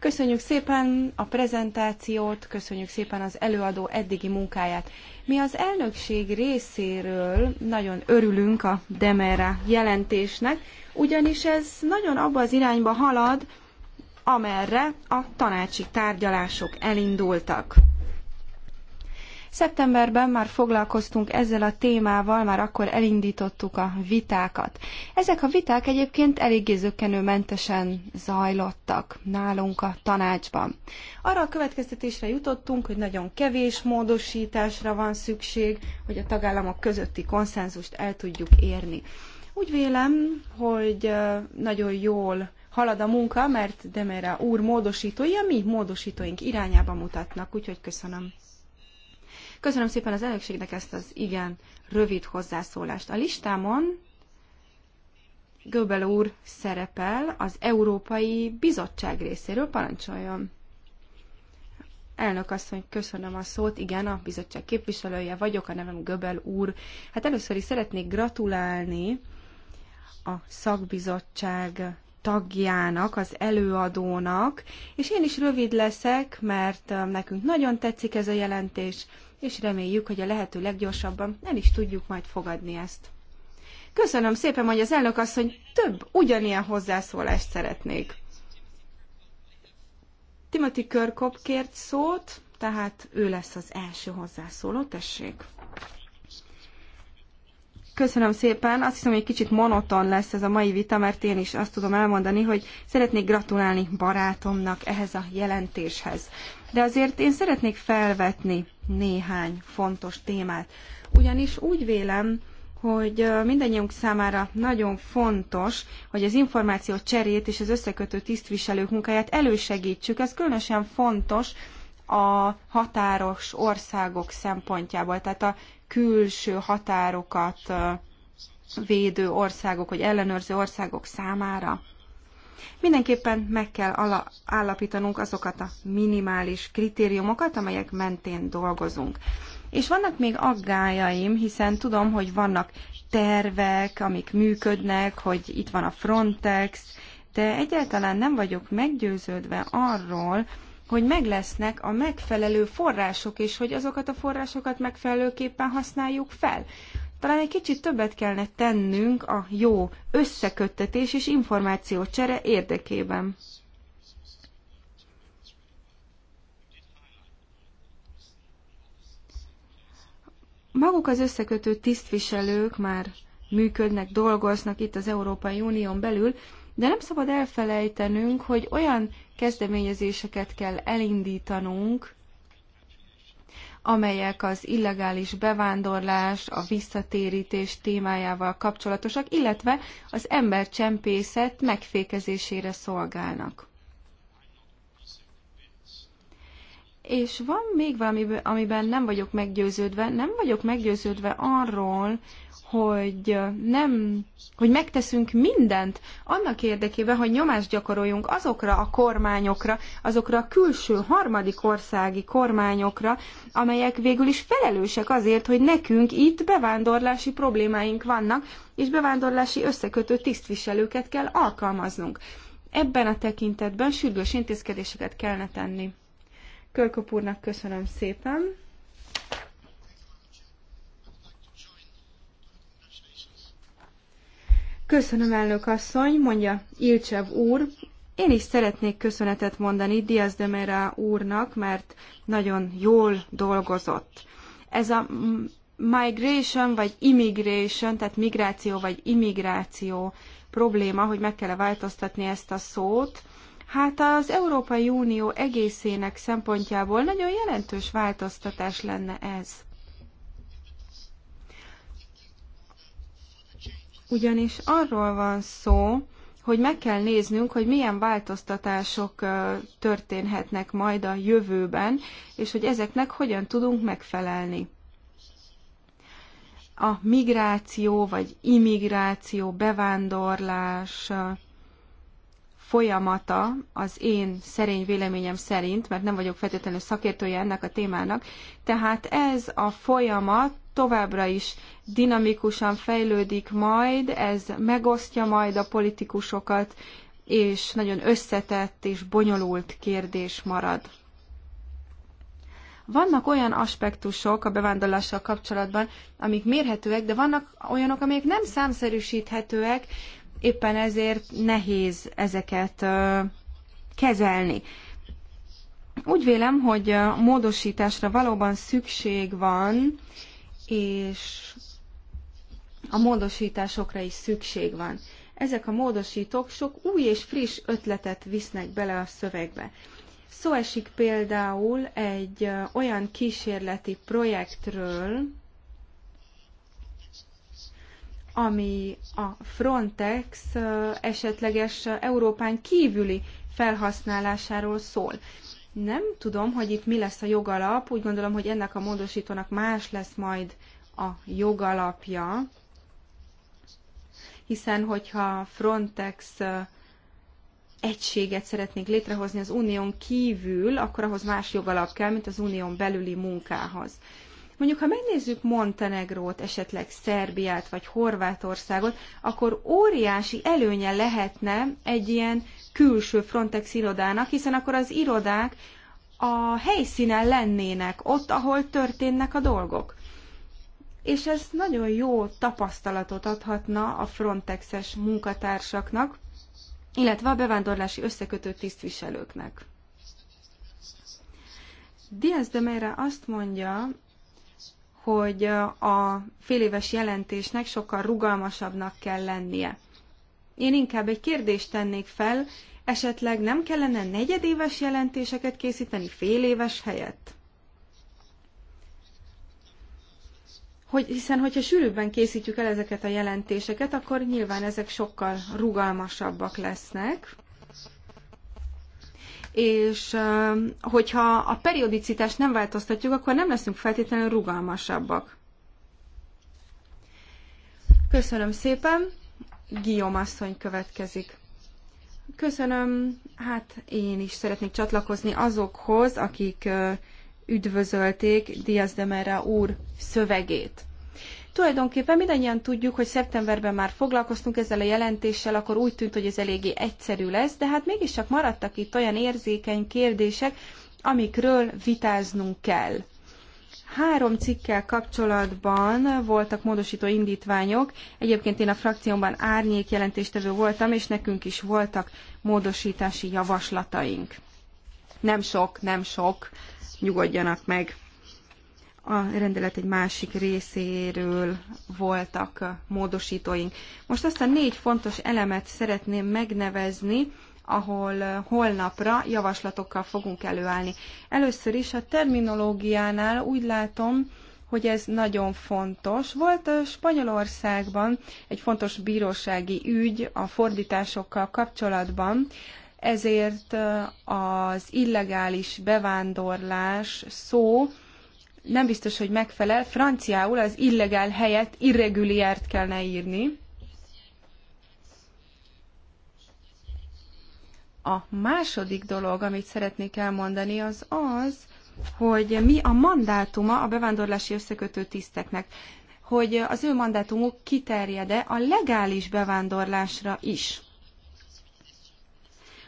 C: Köszönjük szépen a prezentációt, köszönjük szépen az előadó eddigi munkáját. Mi az elnökség részéről nagyon örülünk a Demera jelentésnek, ugyanis ez nagyon abba az irányba halad, amerre a tanácsi tárgyalások elindultak. Szeptemberben már foglalkoztunk ezzel a témával, már akkor elindítottuk a vitákat. Ezek a viták egyébként eléggé zökkenőmentesen zajlottak nálunk a tanácsban. Arra a következtetésre jutottunk, hogy nagyon kevés módosításra van szükség, hogy a tagállamok közötti konszenzust el tudjuk érni. Úgy vélem, hogy nagyon jól halad a munka, mert Demera úr módosítója mi módosítóink irányába mutatnak, úgyhogy köszönöm. Köszönöm szépen az elnökségnek ezt az igen rövid hozzászólást. A listámon Göbel úr szerepel az Európai Bizottság részéről. Parancsoljon! Elnök asszony, köszönöm a szót. Igen, a bizottság képviselője vagyok, a nevem Göbel úr. Hát először is szeretnék gratulálni a szakbizottság tagjának, az előadónak, és én is rövid leszek, mert nekünk nagyon tetszik ez a jelentés, és reméljük, hogy a lehető leggyorsabban el is tudjuk majd fogadni ezt. Köszönöm szépen, hogy az elnök asszony több ugyanilyen hozzászólást szeretnék. Timothy Körkop kért szót, tehát ő lesz az első hozzászóló,
A: tessék.
C: Köszönöm szépen. Azt hiszem, hogy egy kicsit monoton lesz ez a mai vita, mert én is azt tudom elmondani, hogy szeretnék gratulálni barátomnak ehhez a jelentéshez. De azért én szeretnék felvetni néhány fontos témát. Ugyanis úgy vélem, hogy mindannyiunk számára nagyon fontos, hogy az információ cserét és az összekötő tisztviselők munkáját elősegítsük. Ez különösen fontos a határos országok szempontjából, tehát a külső határokat védő országok, vagy ellenőrző országok számára. Mindenképpen meg kell állapítanunk azokat a minimális kritériumokat, amelyek mentén dolgozunk. És vannak még aggájaim, hiszen tudom, hogy vannak tervek, amik működnek, hogy itt van a Frontex, de egyáltalán nem vagyok meggyőződve arról, hogy meglesznek a megfelelő források, és hogy azokat a forrásokat megfelelőképpen használjuk fel. Talán egy kicsit többet kellene tennünk a jó összeköttetés és információcsere érdekében. Maguk az összekötő tisztviselők már működnek, dolgoznak itt az Európai Unión belül, de nem szabad elfelejtenünk, hogy olyan kezdeményezéseket kell elindítanunk, amelyek az illegális bevándorlás, a visszatérítés témájával kapcsolatosak, illetve az embercsempészet megfékezésére szolgálnak. És van még valami, amiben nem vagyok meggyőződve. Nem vagyok meggyőződve arról, hogy nem, hogy megteszünk mindent annak érdekében, hogy nyomást gyakoroljunk azokra a kormányokra, azokra a külső harmadik országi kormányokra, amelyek végül is felelősek azért, hogy nekünk itt bevándorlási problémáink vannak, és bevándorlási összekötő tisztviselőket kell alkalmaznunk. Ebben a tekintetben sürgős intézkedéseket kellene tenni. Kölköp úrnak köszönöm szépen. Köszönöm, elnök asszony, mondja Ilcsev úr. Én is szeretnék köszönetet mondani Diaz de Mera úrnak, mert nagyon jól dolgozott. Ez a migration vagy immigration, tehát migráció vagy immigráció probléma, hogy meg kell -e változtatni ezt a szót, hát az Európai Unió egészének szempontjából nagyon jelentős változtatás lenne ez. ugyanis arról van szó, hogy meg kell néznünk, hogy milyen változtatások történhetnek majd a jövőben, és hogy ezeknek hogyan tudunk megfelelni. A migráció vagy immigráció, bevándorlás folyamata az én szerény véleményem szerint, mert nem vagyok feltétlenül szakértője ennek a témának, tehát ez a folyamat továbbra is dinamikusan fejlődik majd, ez megosztja majd a politikusokat, és nagyon összetett és bonyolult kérdés marad. Vannak olyan aspektusok a bevándorlással kapcsolatban, amik mérhetőek, de vannak olyanok, amik nem számszerűsíthetőek, éppen ezért nehéz ezeket ö, kezelni. Úgy vélem, hogy módosításra valóban szükség van, és a módosításokra is szükség van. Ezek a módosítók sok új és friss ötletet visznek bele a szövegbe. Szó esik például egy olyan kísérleti projektről, ami a Frontex esetleges Európán kívüli felhasználásáról szól. Nem tudom, hogy itt mi lesz a jogalap, úgy gondolom, hogy ennek a módosítónak más lesz majd a jogalapja, hiszen hogyha Frontex egységet szeretnénk létrehozni az unión kívül, akkor ahhoz más jogalap kell, mint az unión belüli munkához. Mondjuk, ha megnézzük Montenegrót, esetleg Szerbiát vagy Horvátországot, akkor óriási előnye lehetne egy ilyen külső Frontex irodának, hiszen akkor az irodák a helyszínen lennének, ott, ahol történnek a dolgok. És ez nagyon jó tapasztalatot adhatna a Frontexes munkatársaknak, illetve a bevándorlási összekötő tisztviselőknek. Diaz de Mera azt mondja, hogy a féléves jelentésnek sokkal rugalmasabbnak kell lennie. Én inkább egy kérdést tennék fel, esetleg nem kellene negyedéves jelentéseket készíteni féléves helyett? Hogy, hiszen, hogyha sűrűbben készítjük el ezeket a jelentéseket, akkor nyilván ezek sokkal rugalmasabbak lesznek, és hogyha a periodicitást nem változtatjuk, akkor nem leszünk feltétlenül rugalmasabbak. Köszönöm szépen! Guillaume asszony következik. Köszönöm. Hát én is szeretnék csatlakozni azokhoz, akik üdvözölték Diaz de Mera úr szövegét. Tulajdonképpen mindannyian tudjuk, hogy szeptemberben már foglalkoztunk ezzel a jelentéssel, akkor úgy tűnt, hogy ez eléggé egyszerű lesz, de hát mégiscsak maradtak itt olyan érzékeny kérdések, amikről vitáznunk kell. Három cikkel kapcsolatban voltak módosító indítványok. Egyébként én a frakciómban árnyék jelentéstevő voltam, és nekünk is voltak módosítási javaslataink. Nem sok, nem sok, nyugodjanak meg. A rendelet egy másik részéről voltak módosítóink. Most azt a négy fontos elemet szeretném megnevezni, ahol eh, holnapra javaslatokkal fogunk előállni. Először is a terminológiánál úgy látom, hogy ez nagyon fontos. Volt a eh, Spanyolországban egy fontos bírósági ügy a fordításokkal kapcsolatban, ezért eh, az illegális bevándorlás szó nem biztos, hogy megfelel. Franciául az illegál helyett irreguliárt kellene írni. A második dolog, amit szeretnék elmondani, az az, hogy mi a mandátuma a bevándorlási összekötő tiszteknek, hogy az ő mandátumuk kiterjede a legális bevándorlásra is.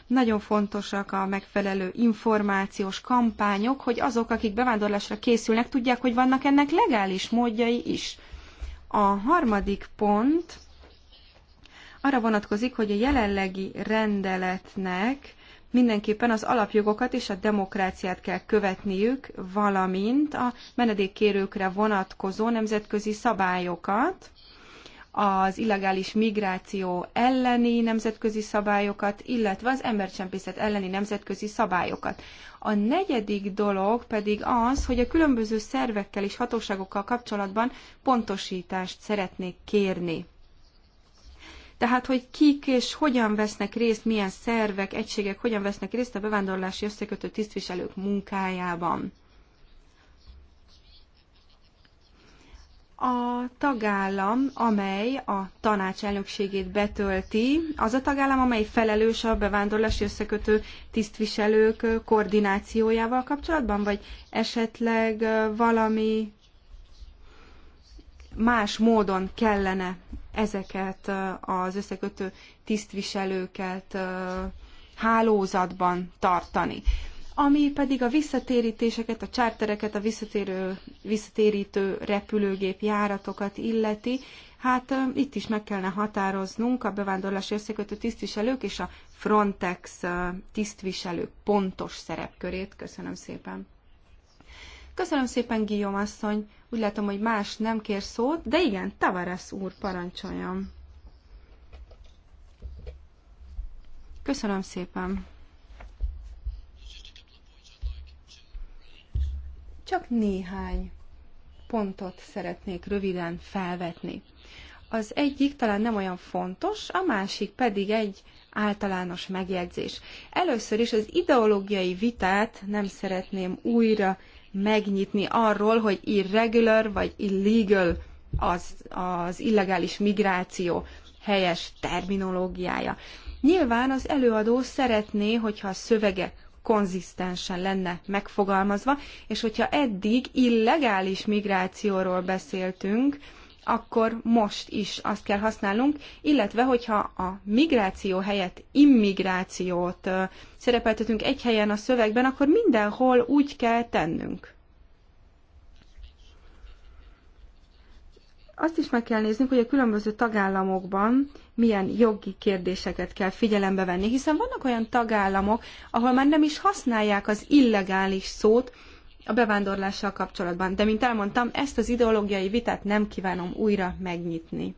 C: Nagyon fontosak a megfelelő információs kampányok, hogy azok, akik bevándorlásra készülnek, tudják, hogy vannak ennek legális módjai is. A harmadik pont, arra vonatkozik, hogy a jelenlegi rendeletnek mindenképpen az alapjogokat és a demokráciát kell követniük, valamint a menedékkérőkre vonatkozó nemzetközi szabályokat, az illegális migráció elleni nemzetközi szabályokat, illetve az embercsempészet elleni nemzetközi szabályokat. A negyedik dolog pedig az, hogy a különböző szervekkel és hatóságokkal kapcsolatban pontosítást szeretnék kérni. Tehát, hogy kik és hogyan vesznek részt, milyen szervek, egységek hogyan vesznek részt a bevándorlási összekötő tisztviselők munkájában. A tagállam, amely a tanács elnökségét betölti, az a tagállam, amely felelős a bevándorlási összekötő tisztviselők koordinációjával kapcsolatban, vagy esetleg valami más módon kellene ezeket az összekötő tisztviselőket hálózatban tartani. Ami pedig a visszatérítéseket, a csártereket, a visszatérő, visszatérítő repülőgép járatokat illeti, hát itt is meg kellene határoznunk a bevándorlási összekötő tisztviselők és a Frontex tisztviselők pontos szerepkörét. Köszönöm szépen! Köszönöm szépen, Guillaume asszony. Úgy látom, hogy más nem kér szót, de igen, Tavares úr, parancsoljam. Köszönöm szépen. Csak néhány pontot szeretnék röviden felvetni. Az egyik talán nem olyan fontos, a másik pedig egy általános megjegyzés. Először is az ideológiai vitát nem szeretném újra megnyitni arról, hogy irregular vagy illegal az, az illegális migráció helyes terminológiája. Nyilván az előadó szeretné, hogyha a szövege konzisztensen lenne megfogalmazva, és hogyha eddig illegális migrációról beszéltünk, akkor most is azt kell használnunk, illetve hogyha a migráció helyett immigrációt szerepeltetünk egy helyen a szövegben, akkor mindenhol úgy kell tennünk. Azt is meg kell néznünk, hogy a különböző tagállamokban milyen jogi kérdéseket kell figyelembe venni, hiszen vannak olyan tagállamok, ahol már nem is használják az illegális szót, a bevándorlással kapcsolatban. De, mint elmondtam, ezt az ideológiai vitát nem kívánom újra megnyitni.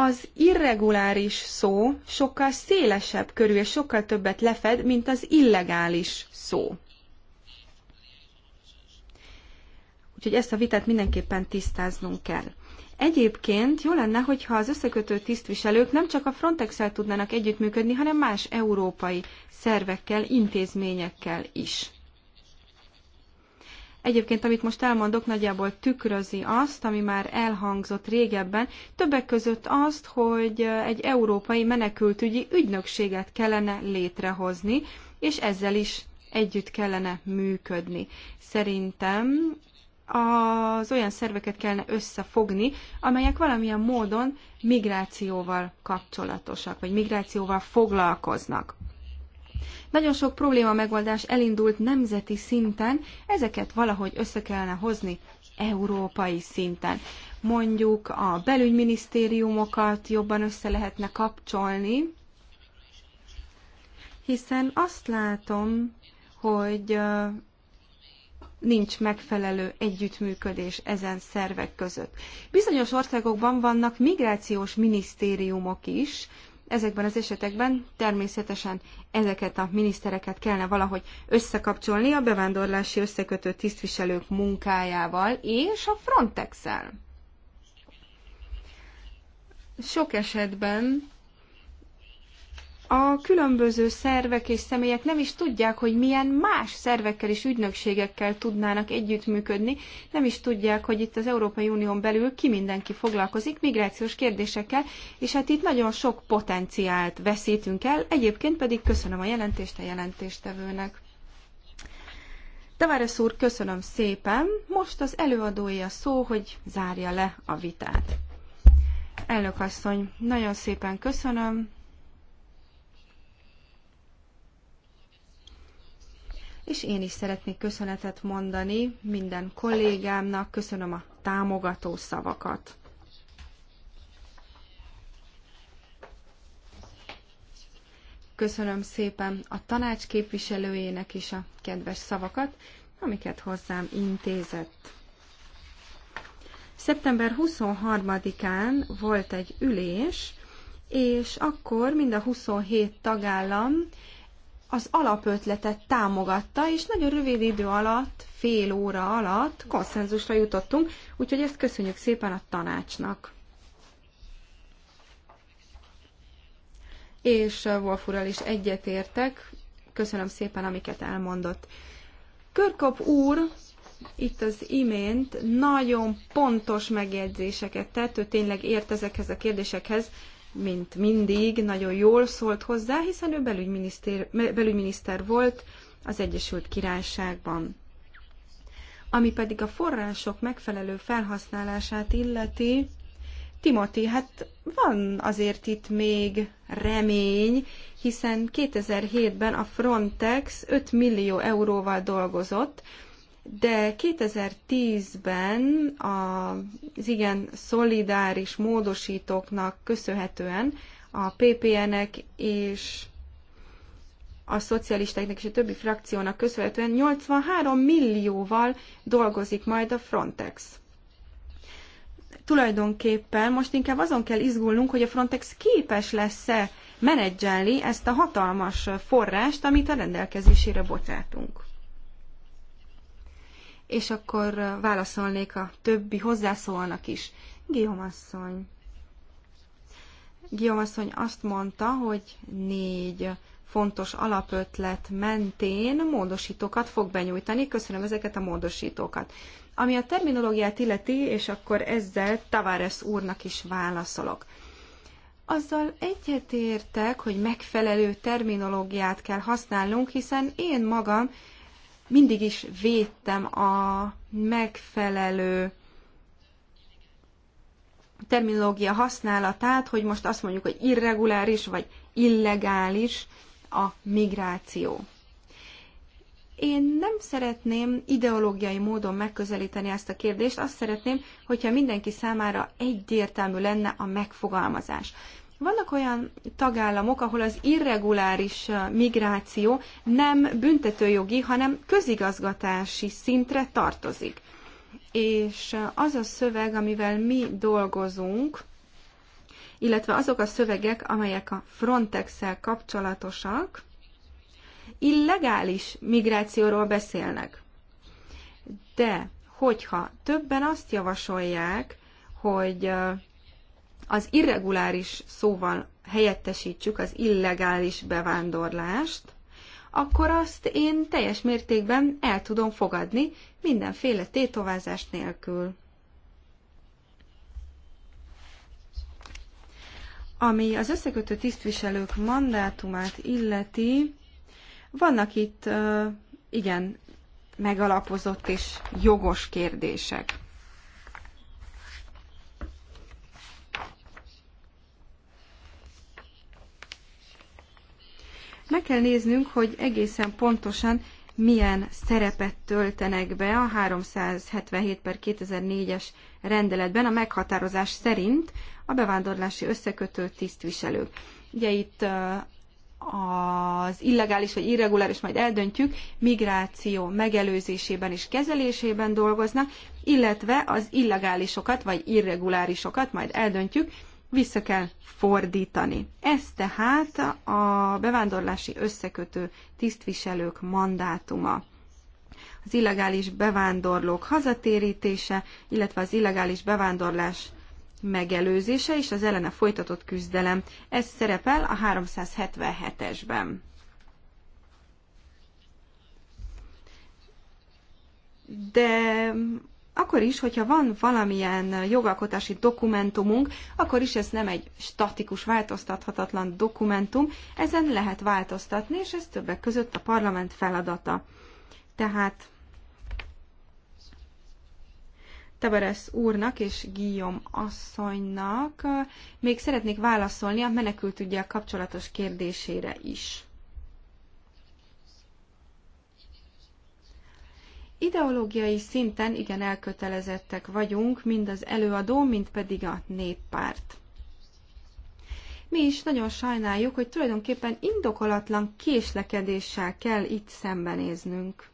C: az irreguláris szó sokkal szélesebb körű és sokkal többet lefed, mint az illegális szó. Úgyhogy ezt a vitát mindenképpen tisztáznunk kell. Egyébként jó lenne, hogyha az összekötő tisztviselők nem csak a frontex tudnának együttműködni, hanem más európai szervekkel, intézményekkel is. Egyébként, amit most elmondok, nagyjából tükrözi azt, ami már elhangzott régebben, többek között azt, hogy egy európai menekültügyi ügynökséget kellene létrehozni, és ezzel is együtt kellene működni. Szerintem az olyan szerveket kellene összefogni, amelyek valamilyen módon migrációval kapcsolatosak, vagy migrációval foglalkoznak. Nagyon sok probléma megoldás elindult nemzeti szinten, ezeket valahogy össze kellene hozni európai szinten. Mondjuk a belügyminisztériumokat jobban össze lehetne kapcsolni, hiszen azt látom, hogy nincs megfelelő együttműködés ezen szervek között. Bizonyos országokban vannak migrációs minisztériumok is, ezekben az esetekben természetesen ezeket a minisztereket kellene valahogy összekapcsolni a bevándorlási összekötő tisztviselők munkájával és a Frontex-el. Sok esetben a különböző szervek és személyek nem is tudják, hogy milyen más szervekkel és ügynökségekkel tudnának együttműködni, nem is tudják, hogy itt az Európai Unión belül ki mindenki foglalkozik migrációs kérdésekkel, és hát itt nagyon sok potenciált veszítünk el, egyébként pedig köszönöm a jelentést a jelentéstevőnek. Tavares úr, köszönöm szépen. Most az előadója szó, hogy zárja le a vitát. Elnök asszony, nagyon szépen köszönöm és én is szeretnék köszönetet mondani minden kollégámnak, köszönöm a támogató szavakat. Köszönöm szépen a tanács képviselőjének is a kedves szavakat, amiket hozzám intézett. Szeptember 23-án volt egy ülés, és akkor mind a 27 tagállam az alapötletet támogatta, és nagyon rövid idő alatt, fél óra alatt konszenzusra jutottunk, úgyhogy ezt köszönjük szépen a tanácsnak. És uh, Wolf úrral is egyetértek, köszönöm szépen, amiket elmondott. Körkop úr itt az imént nagyon pontos megjegyzéseket tett, ő tényleg ért ezekhez a kérdésekhez, mint mindig, nagyon jól szólt hozzá, hiszen ő belügyminiszter, belügyminiszter volt az Egyesült Királyságban. Ami pedig a források megfelelő felhasználását illeti, Timothy, hát van azért itt még remény, hiszen 2007-ben a Frontex 5 millió euróval dolgozott, de 2010-ben az igen szolidáris módosítóknak köszönhetően a PPN-ek és a szocialistáknak és a többi frakciónak köszönhetően 83 millióval dolgozik majd a Frontex. Tulajdonképpen most inkább azon kell izgulnunk, hogy a Frontex képes lesz-e menedzselni ezt a hatalmas forrást, amit a rendelkezésére bocsátunk és akkor válaszolnék a többi hozzászólnak is. Guillaume asszony. Guillaume asszony azt mondta, hogy négy fontos alapötlet mentén módosítókat fog benyújtani. Köszönöm ezeket a módosítókat. Ami a terminológiát illeti, és akkor ezzel Tavares úrnak is válaszolok. Azzal egyetértek, hogy megfelelő terminológiát kell használnunk, hiszen én magam mindig is védtem a megfelelő terminológia használatát, hogy most azt mondjuk, hogy irreguláris vagy illegális a migráció. Én nem szeretném ideológiai módon megközelíteni ezt a kérdést, azt szeretném, hogyha mindenki számára egyértelmű lenne a megfogalmazás. Vannak olyan tagállamok, ahol az irreguláris migráció nem büntetőjogi, hanem közigazgatási szintre tartozik. És az a szöveg, amivel mi dolgozunk, illetve azok a szövegek, amelyek a Frontex-el kapcsolatosak, illegális migrációról beszélnek. De hogyha többen azt javasolják, hogy az irreguláris szóval helyettesítsük az illegális bevándorlást, akkor azt én teljes mértékben el tudom fogadni mindenféle tétovázás nélkül. Ami az összekötő tisztviselők mandátumát illeti, vannak itt igen megalapozott és jogos kérdések. Meg kell néznünk, hogy egészen pontosan milyen szerepet töltenek be a 377 per 2004-es rendeletben a meghatározás szerint a bevándorlási összekötő tisztviselők. Ugye itt az illegális vagy irreguláris, majd eldöntjük, migráció megelőzésében és kezelésében dolgoznak, illetve az illegálisokat vagy irregulárisokat, majd eldöntjük, vissza kell fordítani. Ez tehát a bevándorlási összekötő tisztviselők mandátuma az illegális bevándorlók hazatérítése, illetve az illegális bevándorlás megelőzése és az ellene folytatott küzdelem. Ez szerepel a 377-esben. De akkor is, hogyha van valamilyen jogalkotási dokumentumunk, akkor is ez nem egy statikus, változtathatatlan dokumentum, ezen lehet változtatni, és ez többek között a parlament feladata. Tehát Tabares úrnak és Guillaume asszonynak még szeretnék válaszolni a menekültügyel kapcsolatos kérdésére is. Ideológiai szinten igen elkötelezettek vagyunk, mind az előadó, mind pedig a néppárt. Mi is nagyon sajnáljuk, hogy tulajdonképpen indokolatlan késlekedéssel kell itt szembenéznünk.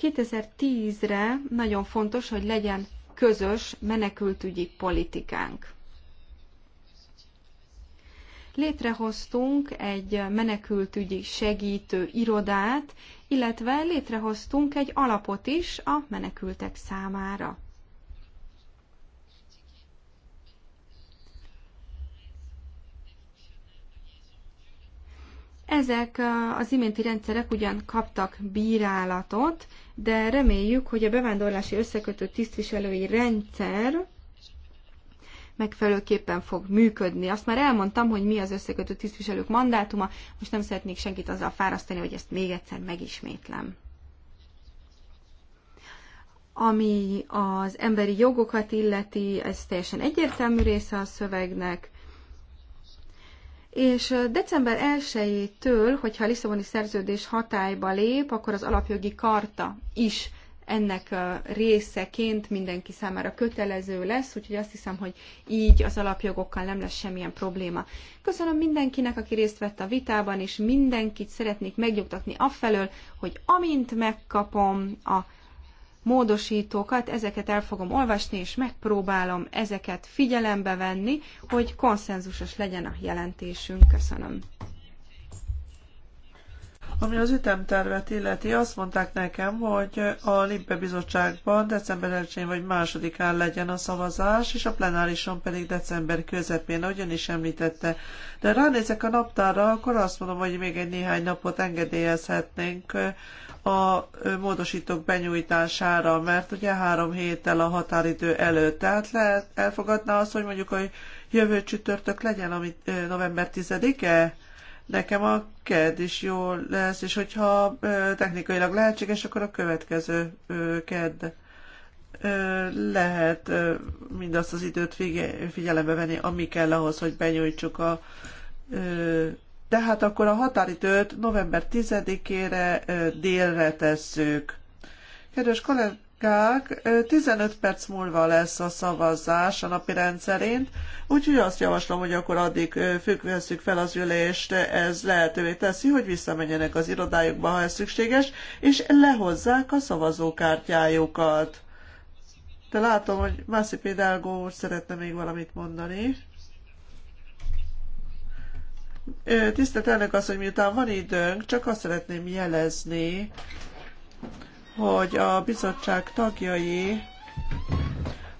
C: 2010-re nagyon fontos, hogy legyen közös menekültügyi politikánk. Létrehoztunk egy menekültügyi segítő irodát, illetve létrehoztunk egy alapot is a menekültek számára. Ezek az iménti rendszerek ugyan kaptak bírálatot, de reméljük, hogy a bevándorlási összekötő tisztviselői rendszer megfelelőképpen fog működni. Azt már elmondtam, hogy mi az összekötő tisztviselők mandátuma, most nem szeretnék senkit azzal fárasztani, hogy ezt még egyszer megismétlem. Ami az emberi jogokat illeti, ez teljesen egyértelmű része a szövegnek, és december 1-től, hogyha a Lisszaboni szerződés hatályba lép, akkor az alapjogi karta is ennek részeként mindenki számára kötelező lesz, úgyhogy azt hiszem, hogy így az alapjogokkal nem lesz semmilyen probléma. Köszönöm mindenkinek, aki részt vett a vitában, és mindenkit szeretnék megnyugtatni afelől, hogy amint megkapom a módosítókat, ezeket el fogom olvasni, és megpróbálom ezeket figyelembe venni, hogy konszenzusos
A: legyen a jelentésünk. Köszönöm. Ami az ütemtervet illeti, azt mondták nekem, hogy a Libe Bizottságban december 1 vagy másodikán legyen a szavazás, és a plenárison pedig december közepén, ahogyan is említette. De ránézek a naptárra, akkor azt mondom, hogy még egy néhány napot engedélyezhetnénk a módosítók benyújtására, mert ugye három héttel a határidő előtt. Tehát lehet, elfogadná azt, hogy mondjuk a jövő csütörtök legyen, ami november 10-e? nekem a KED is jó lesz, és hogyha technikailag lehetséges, akkor a következő KED lehet mindazt az időt figyelembe venni, ami kell ahhoz, hogy benyújtsuk a tehát akkor a határidőt november 10-ére délre tesszük. Kedves kollégák, kollégák, 15 perc múlva lesz a szavazás a napi rendszerint, úgyhogy azt javaslom, hogy akkor addig függvesszük fel az ülést, ez lehetővé teszi, hogy visszamenjenek az irodájukba, ha ez szükséges, és lehozzák a szavazókártyájukat. De látom, hogy Mászi Pédálgó úr szeretne még valamit mondani. Tisztelt elnök az, hogy miután van időnk, csak azt szeretném jelezni, hogy a bizottság tagjai,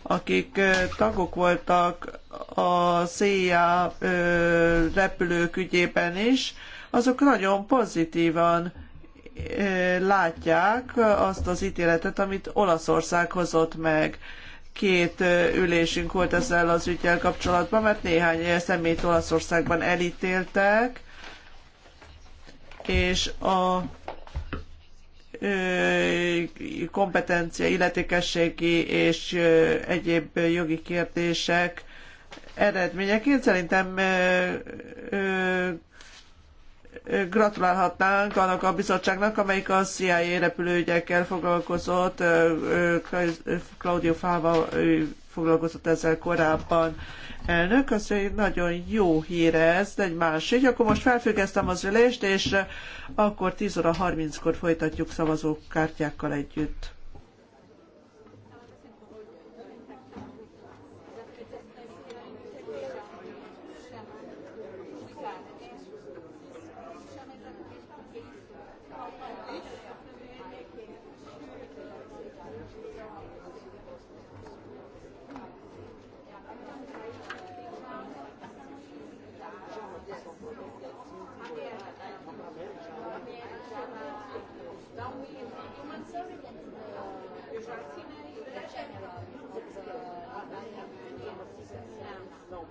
A: akik tagok voltak a CIA repülők ügyében is, azok nagyon pozitívan látják azt az ítéletet, amit Olaszország hozott meg. Két ülésünk volt ezzel az ügyel kapcsolatban, mert néhány szemét Olaszországban elítéltek, és a kompetencia, illetékességi és egyéb jogi kérdések eredményeként szerintem gratulálhatnánk annak a bizottságnak, amelyik a CIA repülőügyekkel foglalkozott, Claudio Fava foglalkozott ezzel korábban. Elnök, azt mondja, nagyon jó hír ez, de egy másik. Akkor most felfüggesztem az ülést, és eh, akkor 10 óra 30-kor folytatjuk szavazókártyákkal együtt.
D: No,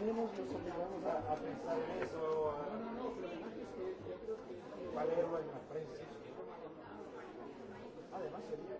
D: aprendimos, nos obligamos a, a pensar en eso. A, no, no, no, pero además es que yo creo que... Valerlo en la prensa. Además sería...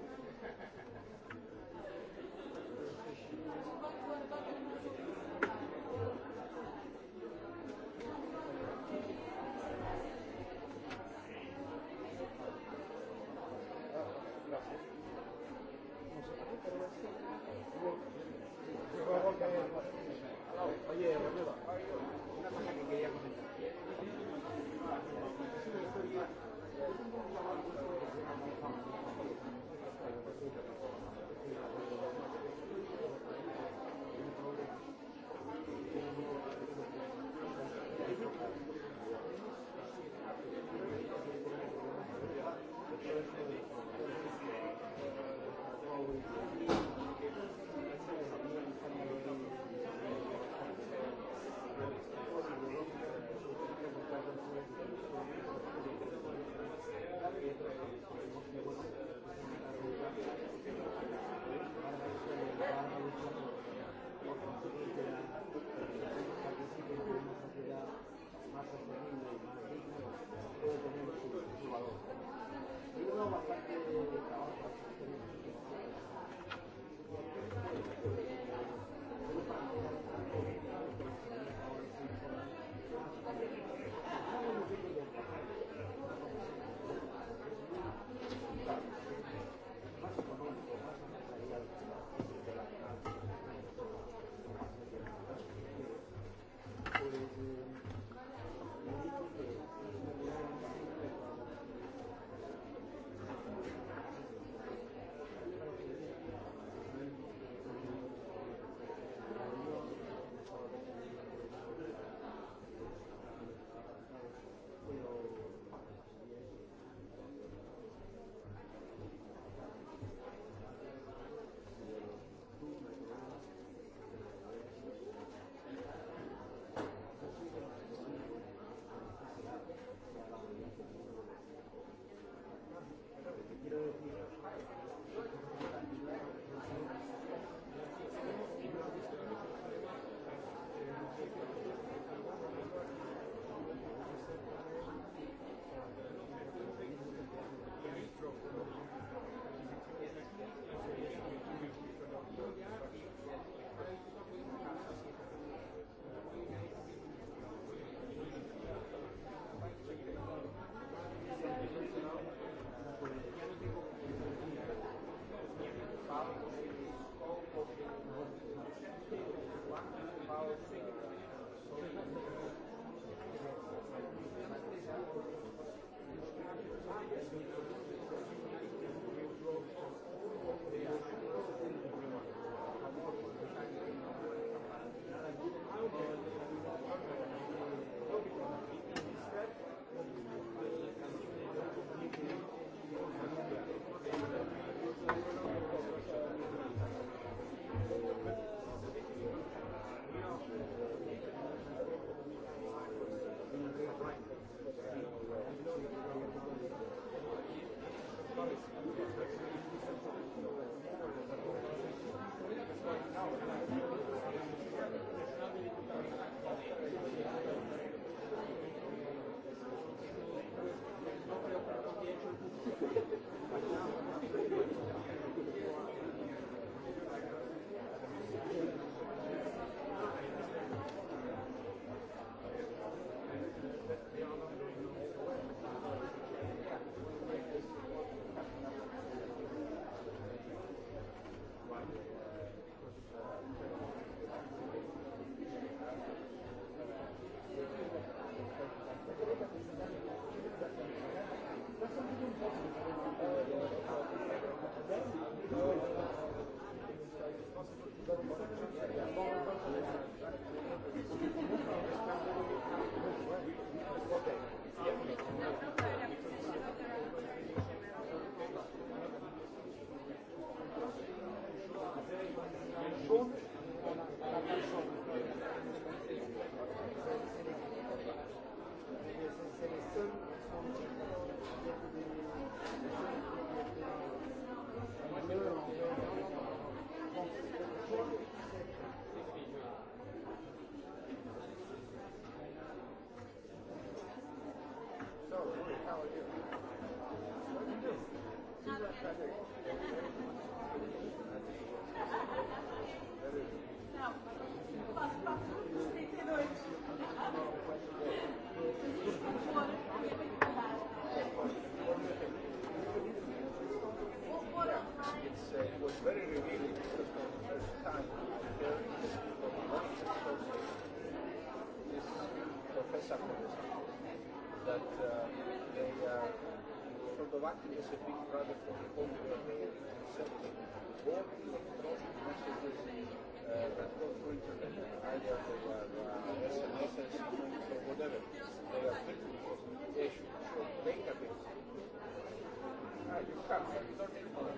D: patria is a big brother for the whole European society. All these electronic messages uh, that go through internet, either they are uh, SMSs or whatever, they are very important. They should show database. Ah, you come, you don't need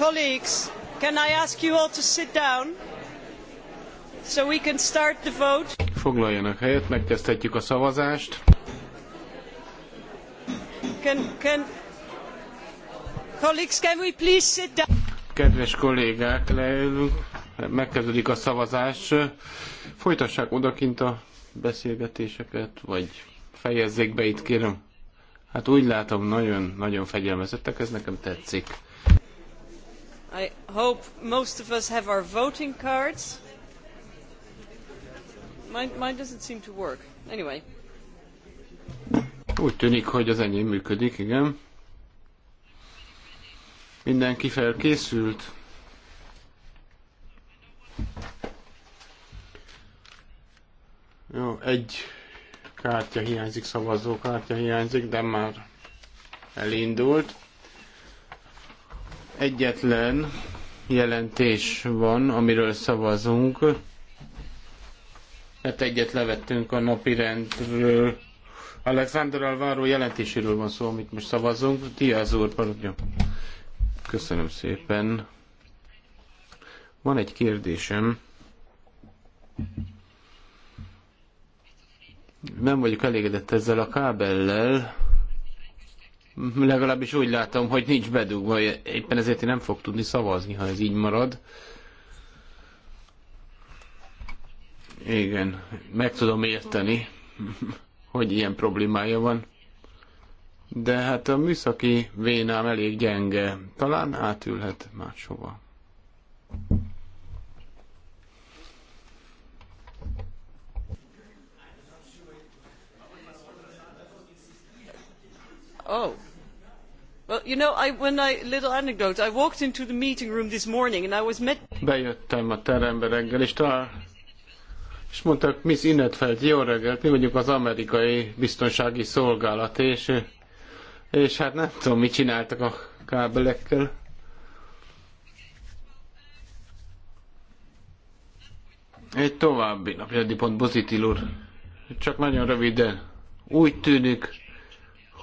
A: Colleagues, can I ask you all to sit down so we can start the vote?
B: Foglaljanak helyet, megkezdhetjük a szavazást.
A: Can, can... Colleagues, can we please sit down?
B: Kedves kollégák, leülünk, megkezdődik a szavazás. Folytassák odakint a beszélgetéseket, vagy fejezzék be itt, kérem. Hát úgy látom, nagyon, nagyon fegyelmezettek, ez nekem tetszik
A: hope most of us have our voting cards. Mine, mine doesn't seem to work. Anyway.
B: Úgy tűnik, hogy az enyém működik, igen. Mindenki felkészült. Jó, egy kártya hiányzik, szavazókártya hiányzik, de már elindult. Egyetlen jelentés van, amiről szavazunk. Hát egyet levettünk a napi rendről. Alexander Alvaro jelentéséről van szó, amit most szavazunk. az úr, parodja. Köszönöm szépen. Van egy kérdésem. Nem vagyok elégedett ezzel a kábellel, legalábbis úgy látom, hogy nincs bedugva, éppen ezért én nem fog tudni szavazni, ha ez így marad. Igen, meg tudom érteni, (laughs) hogy ilyen problémája van. De hát a műszaki vénám elég gyenge. Talán átülhet máshova.
A: Oh. Well, you know, I, when I, little anecdote, I walked into the meeting room this morning and I was met...
B: Bejöttem a terembe reggel, és talán és mondták, Miss Innetfeld, jó reggelt, mi vagyunk az amerikai biztonsági szolgálat, és, és hát nem tudom, mit csináltak a kábelekkel. Egy további napi pont, Bozitil úr. Csak nagyon röviden. Úgy tűnik,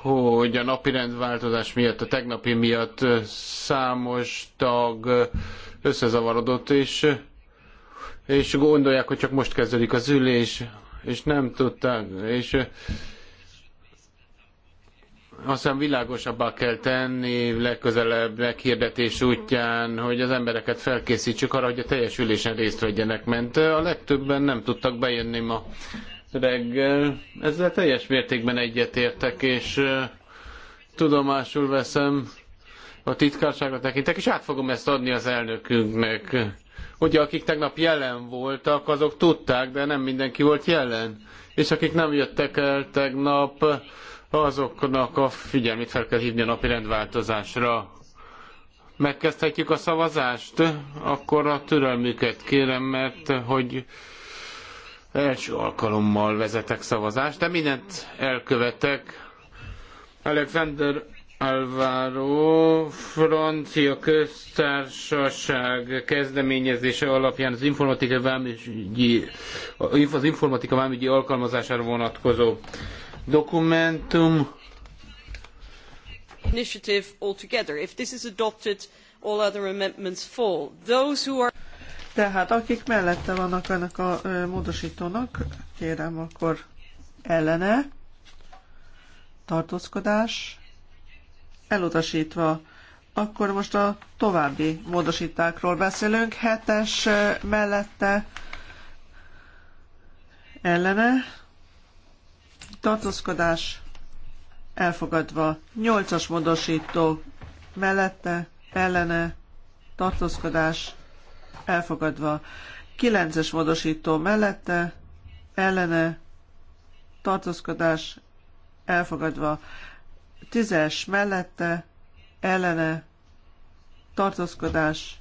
B: hogy a napi rendváltozás miatt, a tegnapi miatt számos tag összezavarodott, és, és gondolják, hogy csak most kezdődik az ülés, és nem tudták, és aztán világosabbá kell tenni legközelebb meghirdetés útján, hogy az embereket felkészítsük arra, hogy a teljes ülésen részt vegyenek, mert a legtöbben nem tudtak bejönni ma reggel. Ezzel teljes mértékben egyetértek, és tudomásul veszem, a titkárságot tekintek, és át fogom ezt adni az elnökünknek. Ugye, akik tegnap jelen voltak, azok tudták, de nem mindenki volt jelen. És akik nem jöttek el tegnap, azoknak a figyelmét fel kell hívni a napi rendváltozásra. Megkezdhetjük a szavazást, akkor a türelmüket kérem, mert hogy Első alkalommal vezetek szavazást, de mindent elkövetek. Alexander Alvaro, francia köztársaság kezdeményezése alapján az informatika vámügyi, az informatika vámügyi alkalmazására vonatkozó dokumentum.
A: Initiative altogether. If this is adopted, all other amendments fall. Those who are tehát akik mellette vannak ennek a módosítónak, kérem akkor ellene, tartózkodás, elutasítva. Akkor most a további módosítákról beszélünk. Hetes mellette ellene, tartózkodás, elfogadva. Nyolcas módosító mellette, ellene, tartózkodás, elfogadva. 9-es módosító mellette, ellene, tartózkodás, elfogadva. 10-es mellette, ellene, tartózkodás,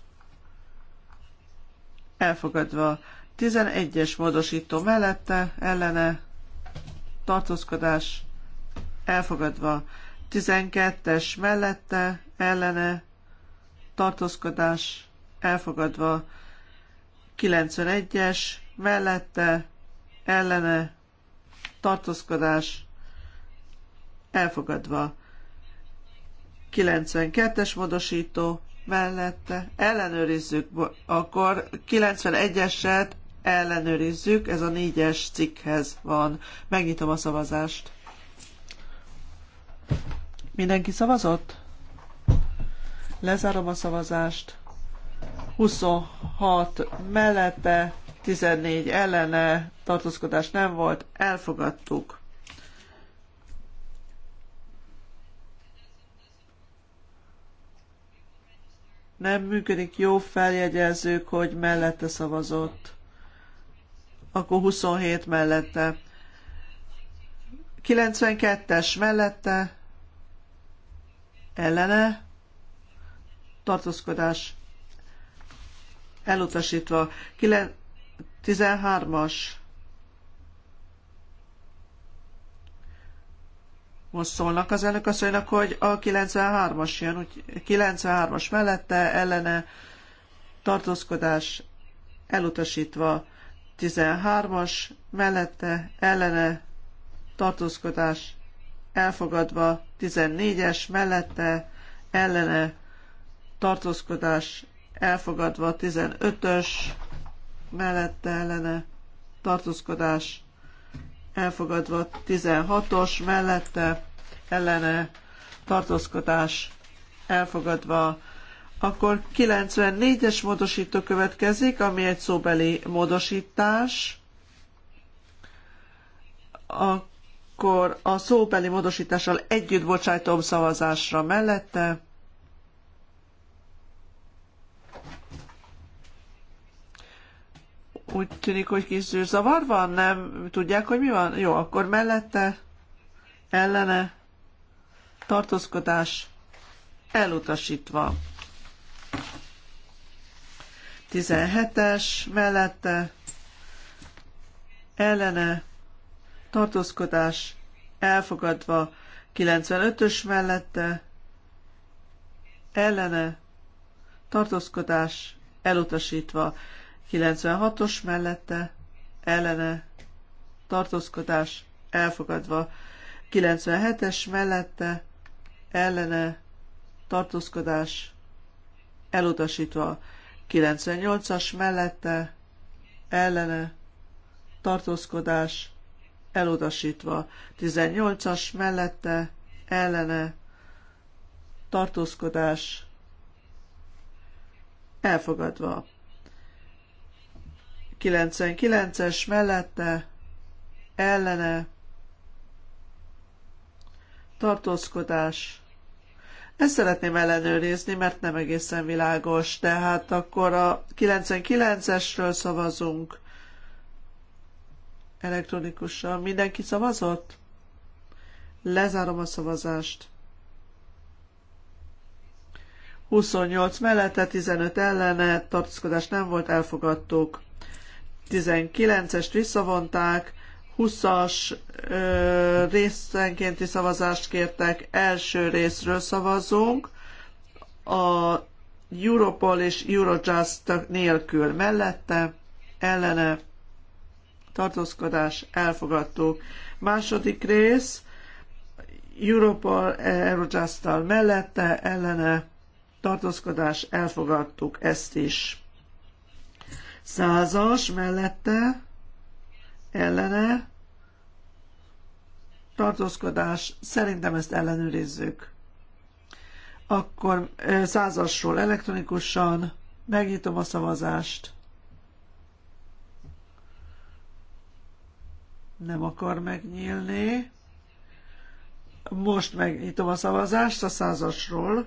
A: elfogadva. 11-es módosító mellette, ellene, tartózkodás, elfogadva. 12-es mellette, ellene, tartózkodás, elfogadva 91-es, mellette, ellene, tartózkodás, elfogadva 92-es módosító, mellette, ellenőrizzük, akkor 91-eset ellenőrizzük, ez a 4-es cikkhez van. Megnyitom a szavazást. Mindenki szavazott? Lezárom a szavazást. 26 mellette, 14 ellene, tartózkodás nem volt, elfogadtuk. Nem működik, jó feljegyezők, hogy mellette szavazott. Akkor 27 mellette. 92-es mellette, ellene, tartózkodás elutasítva. 13-as. Most szólnak az elnök asszonynak, hogy a 93-as jön, úgy 93-as mellette ellene tartózkodás elutasítva. 13-as mellette ellene tartózkodás elfogadva, 14-es mellette ellene tartózkodás elfogadva 15-ös mellette ellene tartózkodás elfogadva 16-os mellette ellene tartózkodás elfogadva akkor 94-es módosító következik, ami egy szóbeli módosítás. Akkor a szóbeli módosítással együtt bocsájtom szavazásra mellette, Úgy tűnik, hogy kis zavar van, nem tudják, hogy mi van? Jó, akkor mellette, ellene, tartózkodás, elutasítva. 17-es mellette, ellene, tartózkodás, elfogadva, 95-ös mellette, ellene, tartózkodás, elutasítva, 96-os mellette ellene tartózkodás elfogadva, 97-es mellette ellene tartózkodás elutasítva, 98-as mellette ellene tartózkodás elutasítva, 18-as mellette ellene tartózkodás elfogadva. 99-es mellette ellene tartózkodás. Ezt szeretném ellenőrizni, mert nem egészen világos. Tehát akkor a 99-esről szavazunk elektronikusan. Mindenki szavazott? Lezárom a szavazást. 28 mellette, 15 ellene, tartózkodás nem volt, elfogadtuk. 19-est visszavonták, 20-as részenkénti szavazást kértek, első részről szavazunk, a Europol és Eurojust nélkül mellette, ellene tartózkodás elfogadtuk. Második rész, Europol e, Eurojust-tal mellette, ellene tartózkodás elfogadtuk ezt is. Százas mellette ellene tartózkodás. Szerintem ezt ellenőrizzük. Akkor százasról elektronikusan megnyitom a szavazást. Nem akar megnyílni. Most megnyitom a szavazást a százasról.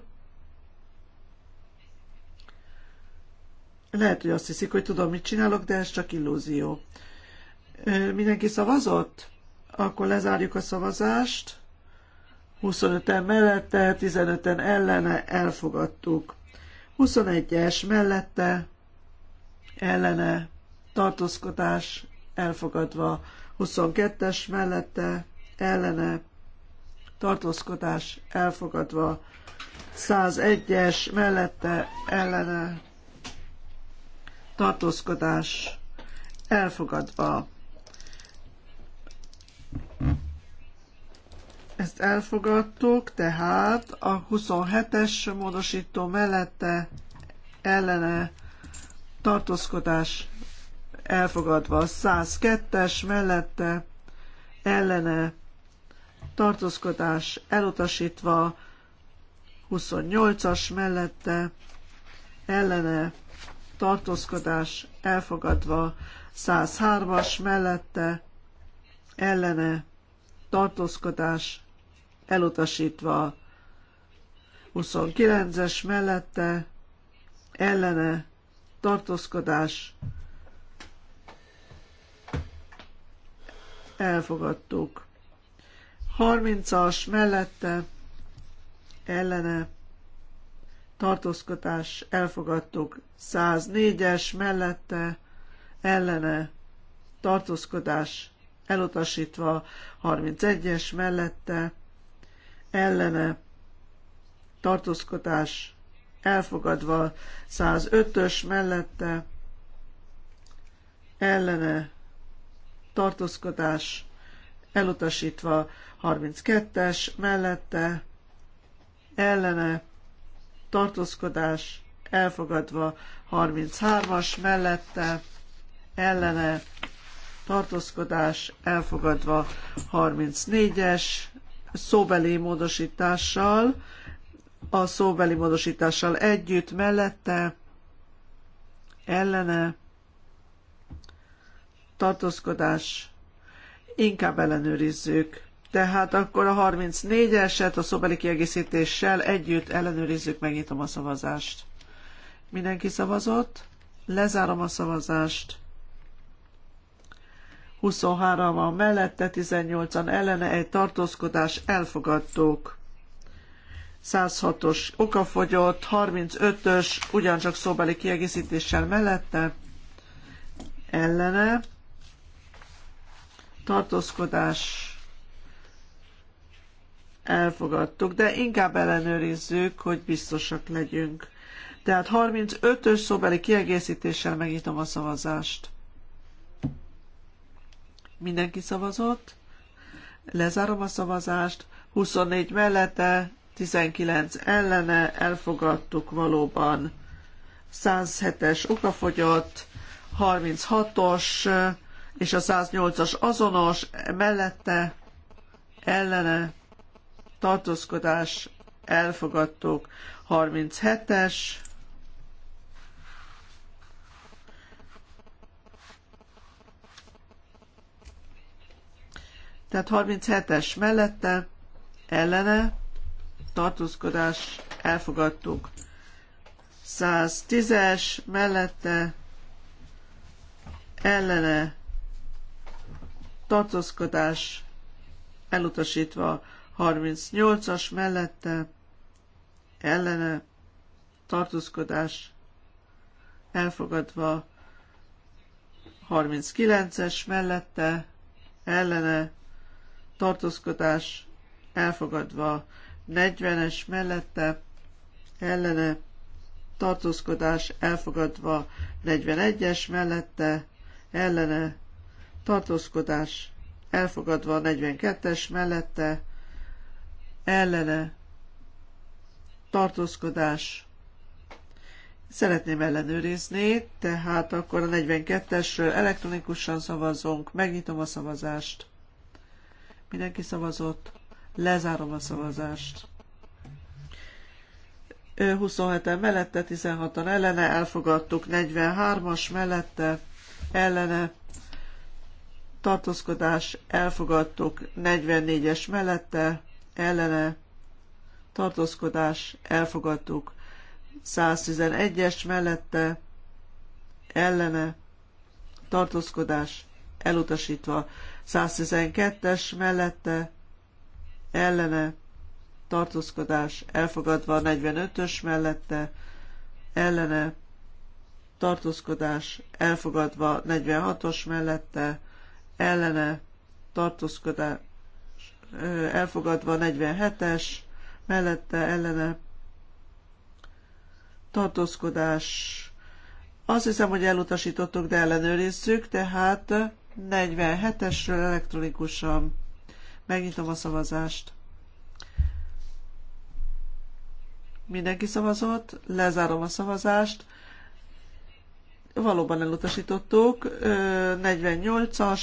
A: Lehet, hogy azt hiszik, hogy tudom, mit csinálok, de ez csak illúzió. Mindenki szavazott? Akkor lezárjuk a szavazást. 25-en mellette, 15-en ellene elfogadtuk. 21-es mellette, ellene, tartózkodás elfogadva. 22-es mellette, ellene, tartózkodás elfogadva. 101-es mellette, ellene, tartózkodás elfogadva. Ezt elfogadtuk, tehát a 27-es módosító mellette ellene tartózkodás elfogadva. 102-es mellette ellene tartózkodás elutasítva. 28-as mellette ellene tartózkodás elfogadva, 103-as mellette, ellene, tartózkodás elutasítva, 29-es mellette, ellene, tartózkodás elfogadtuk. 30-as mellette, ellene, tartózkodás elfogadtuk. 104-es mellette ellene tartózkodás elutasítva. 31-es mellette ellene tartózkodás elfogadva. 105-ös mellette ellene tartózkodás elutasítva. 32-es mellette ellene tartózkodás elfogadva 33-as mellette, ellene tartózkodás elfogadva 34-es szóbeli módosítással, a szóbeli módosítással együtt mellette, ellene tartózkodás inkább ellenőrizzük. Tehát akkor a 34-eset a szóbeli kiegészítéssel együtt ellenőrizzük, megnyitom a szavazást. Mindenki szavazott? Lezárom a szavazást. 23 van mellette, 18-an ellene, egy tartózkodás, elfogadtuk. 106-os okafogyott, 35-ös, ugyancsak szóbeli kiegészítéssel mellette, ellene, tartózkodás, elfogadtuk, de inkább ellenőrizzük, hogy biztosak legyünk. Tehát 35-ös szóbeli kiegészítéssel megnyitom a szavazást. Mindenki szavazott? Lezárom a szavazást. 24 mellette, 19 ellene, elfogadtuk valóban. 107-es okafogyott, 36-os és a 108-as azonos, mellette, ellene, tartózkodás elfogadtuk. 37-es, tehát 37-es mellette, ellene, tartózkodás, elfogadtuk. 110-es mellette, ellene, tartózkodás, elutasítva. 38-as mellette ellene tartózkodás elfogadva 39-es mellette ellene tartózkodás elfogadva 40-es mellette ellene tartózkodás elfogadva 41-es mellette ellene tartózkodás elfogadva 42-es mellette ellene tartózkodás. Szeretném ellenőrizni, tehát akkor a 42-esről elektronikusan szavazunk, megnyitom a szavazást. Mindenki szavazott, lezárom a szavazást. 27-en mellette, 16-an ellene, elfogadtuk 43-as mellette, ellene, tartózkodás, elfogadtuk 44-es mellette, ellene tartózkodás elfogadtuk. 111-es mellette ellene tartózkodás elutasítva. 112-es mellette ellene tartózkodás elfogadva. 45-ös mellette ellene tartózkodás elfogadva. 46-os mellette ellene tartózkodás elfogadva 47-es, mellette ellene tartózkodás. Azt hiszem, hogy elutasítottuk, de ellenőrizzük, tehát 47-esről elektronikusan megnyitom a szavazást. Mindenki szavazott, lezárom a szavazást. Valóban elutasítottuk. 48-as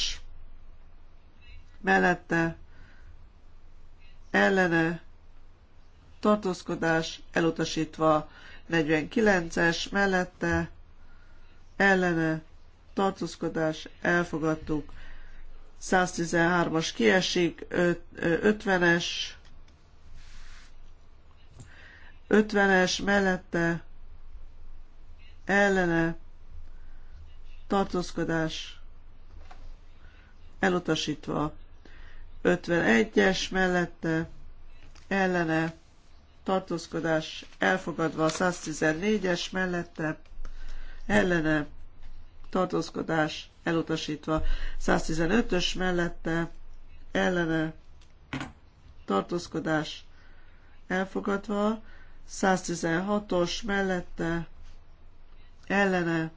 A: mellette ellene tartózkodás elutasítva 49-es mellette ellene tartózkodás elfogadtuk 113-as kiesik 50-es 50-es mellette ellene tartózkodás elutasítva 51-es mellette ellene tartózkodás elfogadva 114-es mellette ellene tartózkodás elutasítva 115-ös mellette ellene tartózkodás elfogadva 116-os mellette ellene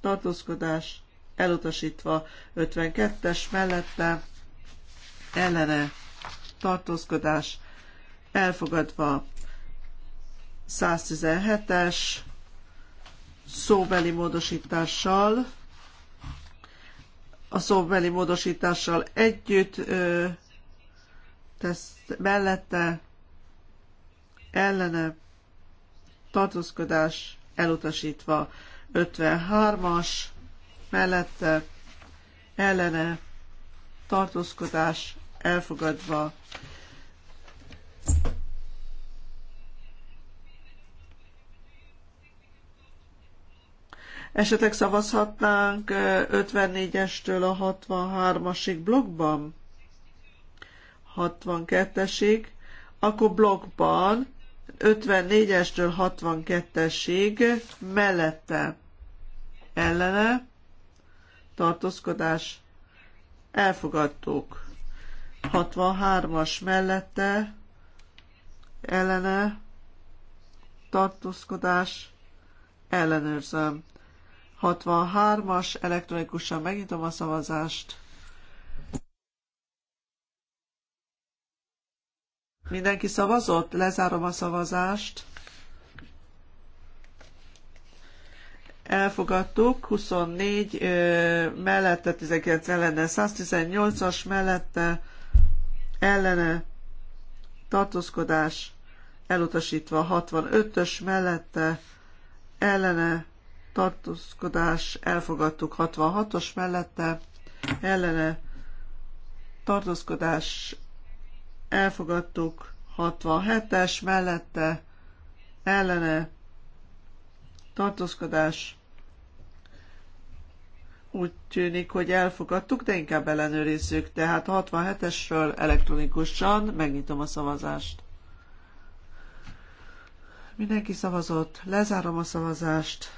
A: tartózkodás elutasítva 52-es mellette ellene tartózkodás elfogadva 117-es szóbeli módosítással, a szóbeli módosítással együtt ö, tesz mellette ellene tartózkodás elutasítva 53-as mellette ellene tartózkodás elfogadva. Esetleg szavazhatnánk 54-estől a 63-asig blokkban? 62-esig, akkor blokkban 54-estől 62-esig mellette ellene tartózkodás elfogadtuk. 63-as mellette ellene tartózkodás ellenőrzöm. 63-as elektronikusan megnyitom a szavazást. Mindenki szavazott? Lezárom a szavazást. Elfogadtuk, 24 ö, mellette, 19 ellene, 118-as mellette, ellene tartózkodás elutasítva 65-ös mellette ellene tartózkodás elfogadtuk 66-os mellette ellene tartózkodás elfogadtuk 67-es mellette ellene tartózkodás úgy tűnik, hogy elfogadtuk, de inkább ellenőrizzük. Tehát 67-esről elektronikusan megnyitom a szavazást. Mindenki szavazott, lezárom a szavazást.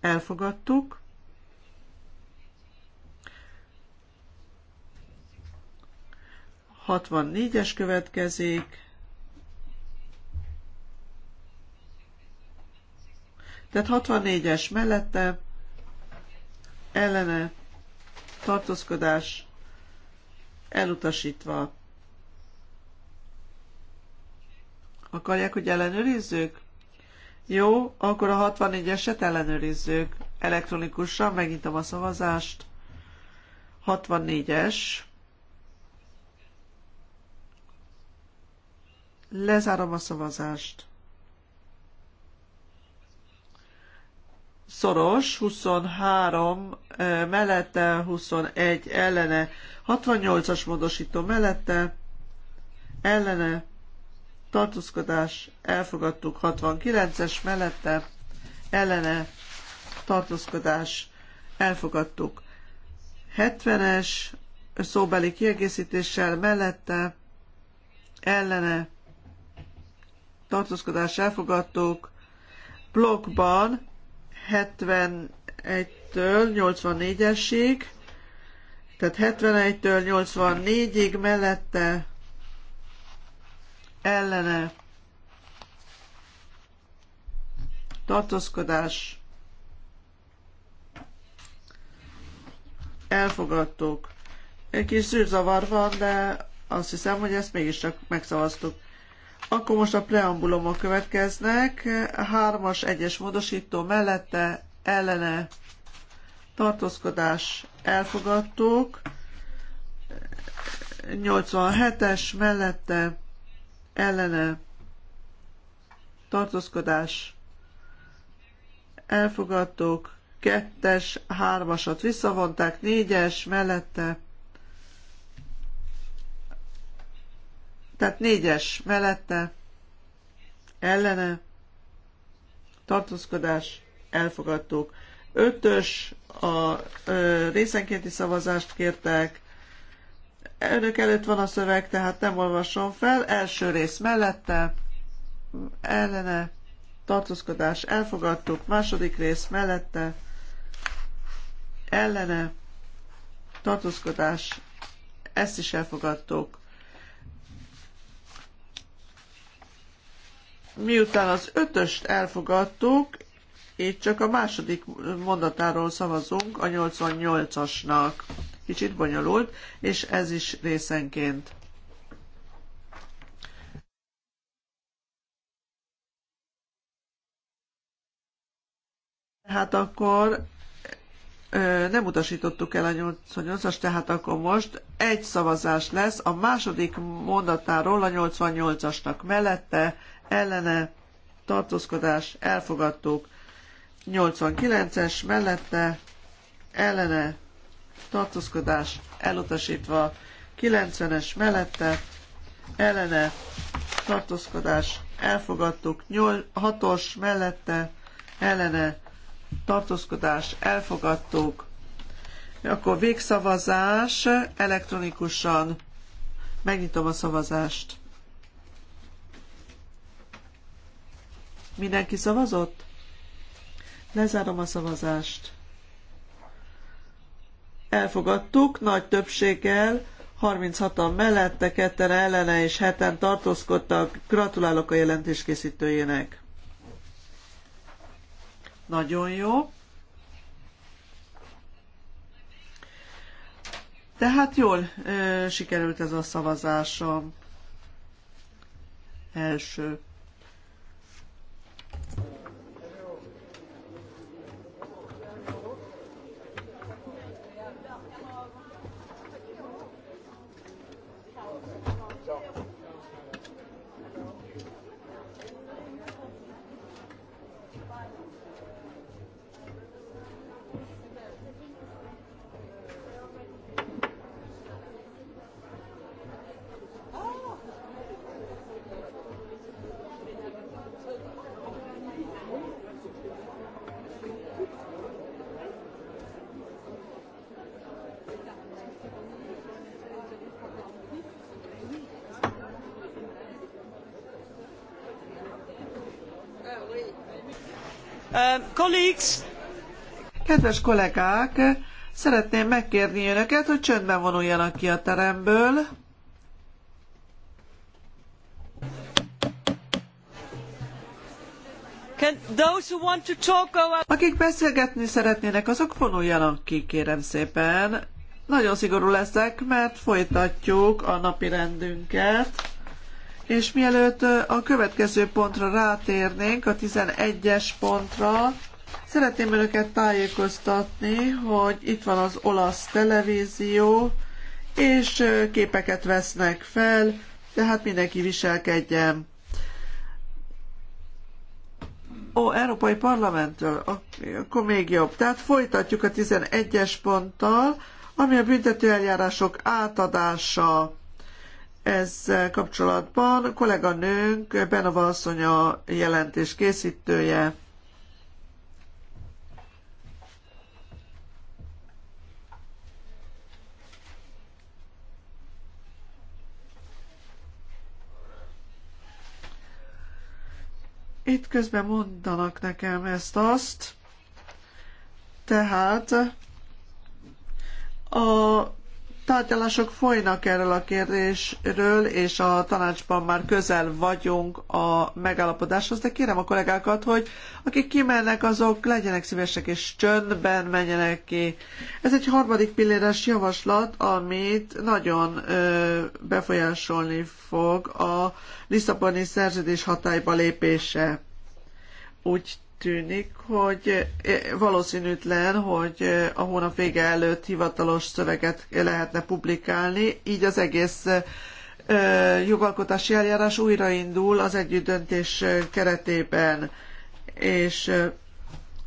A: Elfogadtuk. Hatvannégyes következik. Tehát 64-es mellette ellene tartózkodás elutasítva. Akarják, hogy ellenőrizzük? Jó, akkor a 64-eset ellenőrizzük. Elektronikusan megnyitom a szavazást. 64-es. Lezárom a szavazást. szoros, 23 mellette, 21 ellene, 68-as módosító mellette, ellene, tartózkodás, elfogadtuk 69-es mellette, ellene, tartózkodás, elfogadtuk 70-es szóbeli kiegészítéssel mellette, ellene, tartózkodás elfogadtuk, blokkban 71-től 84-esig, tehát 71-től 84-ig mellette ellene tartózkodás elfogadtuk. Egy kis zűrzavar van, de azt hiszem, hogy ezt mégiscsak megszavaztuk. Akkor most a preambulumok következnek. Hármas egyes módosító mellette ellene tartózkodás elfogadtuk. 87-es mellette ellene tartózkodás elfogadtuk. Kettes, hármasat visszavonták, négyes mellette Tehát négyes mellette, ellene, tartózkodás, elfogadtuk. Ötös a ö, részenkénti szavazást kértek. Önök előtt van a szöveg, tehát nem olvasom fel. Első rész mellette, ellene, tartózkodás, elfogadtuk. Második rész mellette, ellene, tartózkodás, ezt is elfogadtuk. miután az ötöst elfogadtuk, így csak a második mondatáról szavazunk a 88-asnak. Kicsit bonyolult, és ez is részenként. Hát akkor nem utasítottuk el a 88-as, tehát akkor most egy szavazás lesz a második mondatáról a 88-asnak mellette, ellene tartózkodás elfogadtuk. 89-es mellette ellene tartózkodás elutasítva. 90-es mellette ellene tartózkodás elfogadtuk. 6-os mellette ellene tartózkodás elfogadtuk. Akkor végszavazás elektronikusan. Megnyitom a szavazást. Mindenki szavazott? Lezárom a szavazást. Elfogadtuk nagy többséggel, 36-an mellette, ketten ellene és heten tartózkodtak. Gratulálok a jelentés készítőjének. Nagyon jó. Tehát jól ö, sikerült ez a szavazásom. Első. Kedves kollégák, szeretném megkérni önöket, hogy csöndben vonuljanak ki a teremből. Akik beszélgetni szeretnének, azok vonuljanak ki, kérem szépen. Nagyon szigorú leszek, mert folytatjuk a napi rendünket. És mielőtt a következő pontra rátérnénk, a 11-es pontra, Szeretném önöket tájékoztatni, hogy itt van az olasz televízió, és képeket vesznek fel, tehát mindenki viselkedjen. Ó, Európai Parlamenttől, akkor még jobb. Tehát folytatjuk a 11-es ponttal, ami a büntetőeljárások átadása ezzel kapcsolatban. A kolléganőnk Benova asszony a jelentés készítője. Itt közben mondanak nekem ezt-azt, tehát a Tárgyalások folynak erről a kérdésről, és a tanácsban már közel vagyunk a megállapodáshoz, de kérem a kollégákat, hogy akik kimennek, azok legyenek szívesek és csöndben menjenek ki. Ez egy harmadik pilléres javaslat, amit nagyon ö, befolyásolni fog a Lisszaboni szerződés hatályba lépése. Úgy tűnik, hogy eh, valószínűtlen, hogy eh, a hónap vége előtt hivatalos szöveget lehetne publikálni, így az egész eh, jogalkotási eljárás újraindul az együttdöntés keretében, és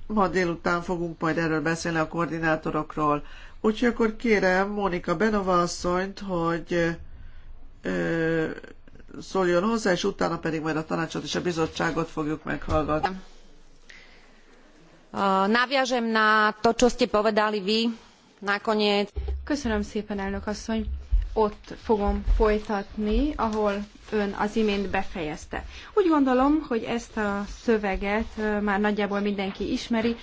A: ma délután fogunk majd erről beszélni a koordinátorokról. Úgyhogy akkor kérem Mónika Benova asszonyt, hogy szóljon hozzá, és utána pedig majd a tanácsot és a bizottságot fogjuk meghallgatni.
C: Náviažem na to, čo ste povedali vy nakoniec. Köszönöm szépen, elnök asszony. Ott fogom folytatni, ahol ön az imént befejezte. Úgy gondolom, hogy ezt a szöveget már nagyjából mindenki ismeri,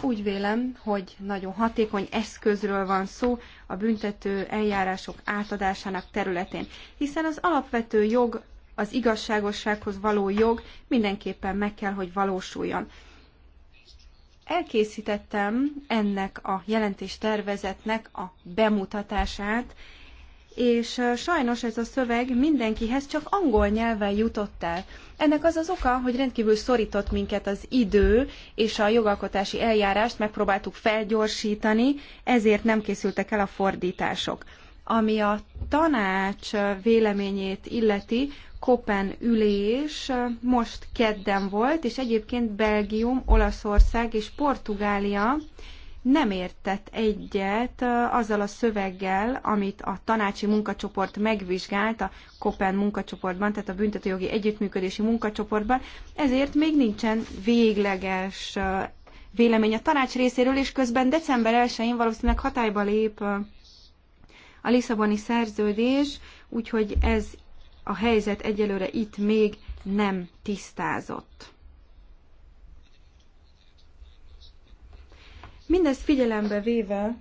C: úgy vélem, hogy nagyon hatékony eszközről van szó a büntető eljárások átadásának területén, hiszen az alapvető jog, az igazságossághoz való jog mindenképpen meg kell, hogy valósuljon. Elkészítettem ennek a jelentés tervezetnek a bemutatását, és sajnos ez a szöveg mindenkihez csak angol nyelven jutott el. Ennek az az oka, hogy rendkívül szorított minket az idő, és a jogalkotási eljárást megpróbáltuk felgyorsítani, ezért nem készültek el a fordítások. Ami a tanács véleményét illeti, Kopen ülés most kedden volt, és egyébként Belgium, Olaszország és Portugália nem értett egyet azzal a szöveggel, amit a tanácsi munkacsoport megvizsgált a Kopen munkacsoportban, tehát a büntetőjogi együttműködési munkacsoportban, ezért még nincsen végleges vélemény a tanács részéről, és közben december 1-én valószínűleg hatályba lép a Lisszaboni szerződés, úgyhogy ez a helyzet egyelőre itt még nem tisztázott. Mindezt figyelembe véve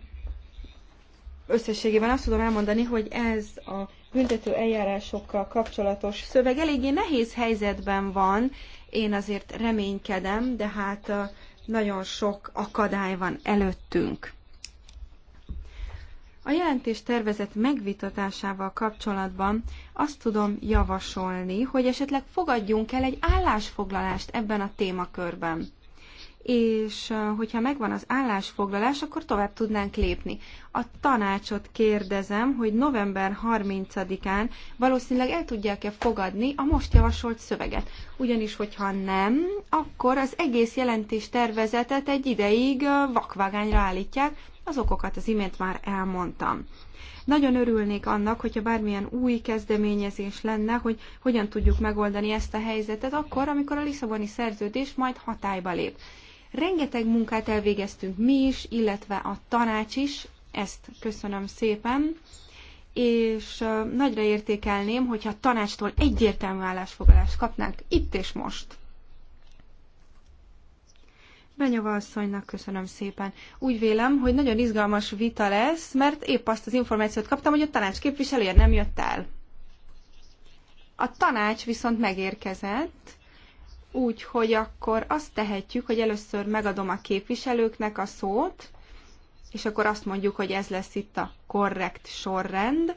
C: összességében azt tudom elmondani, hogy ez a büntető eljárásokkal kapcsolatos szöveg eléggé nehéz helyzetben van. Én azért reménykedem, de hát nagyon sok akadály van előttünk. A jelentés tervezet megvitatásával kapcsolatban azt tudom javasolni, hogy esetleg fogadjunk el egy állásfoglalást ebben a témakörben és hogyha megvan az állásfoglalás, akkor tovább tudnánk lépni. A tanácsot kérdezem, hogy november 30-án valószínűleg el tudják-e fogadni a most javasolt szöveget. Ugyanis, hogyha nem, akkor az egész jelentés tervezetet egy ideig vakvágányra állítják, az okokat az imént már elmondtam. Nagyon örülnék annak, hogyha bármilyen új kezdeményezés lenne, hogy hogyan tudjuk megoldani ezt a helyzetet akkor, amikor a Lisszaboni szerződés majd hatályba lép. Rengeteg munkát elvégeztünk mi is, illetve a tanács is, ezt köszönöm szépen, és nagyra értékelném, hogyha tanácstól egyértelmű állásfoglalást kapnánk itt és most. Benyova asszonynak köszönöm szépen. Úgy vélem, hogy nagyon izgalmas vita lesz, mert épp azt az információt kaptam, hogy a tanács képviselője nem jött el. A tanács viszont megérkezett, úgyhogy akkor azt tehetjük, hogy először megadom a képviselőknek a szót, és akkor azt mondjuk, hogy ez lesz itt a korrekt sorrend,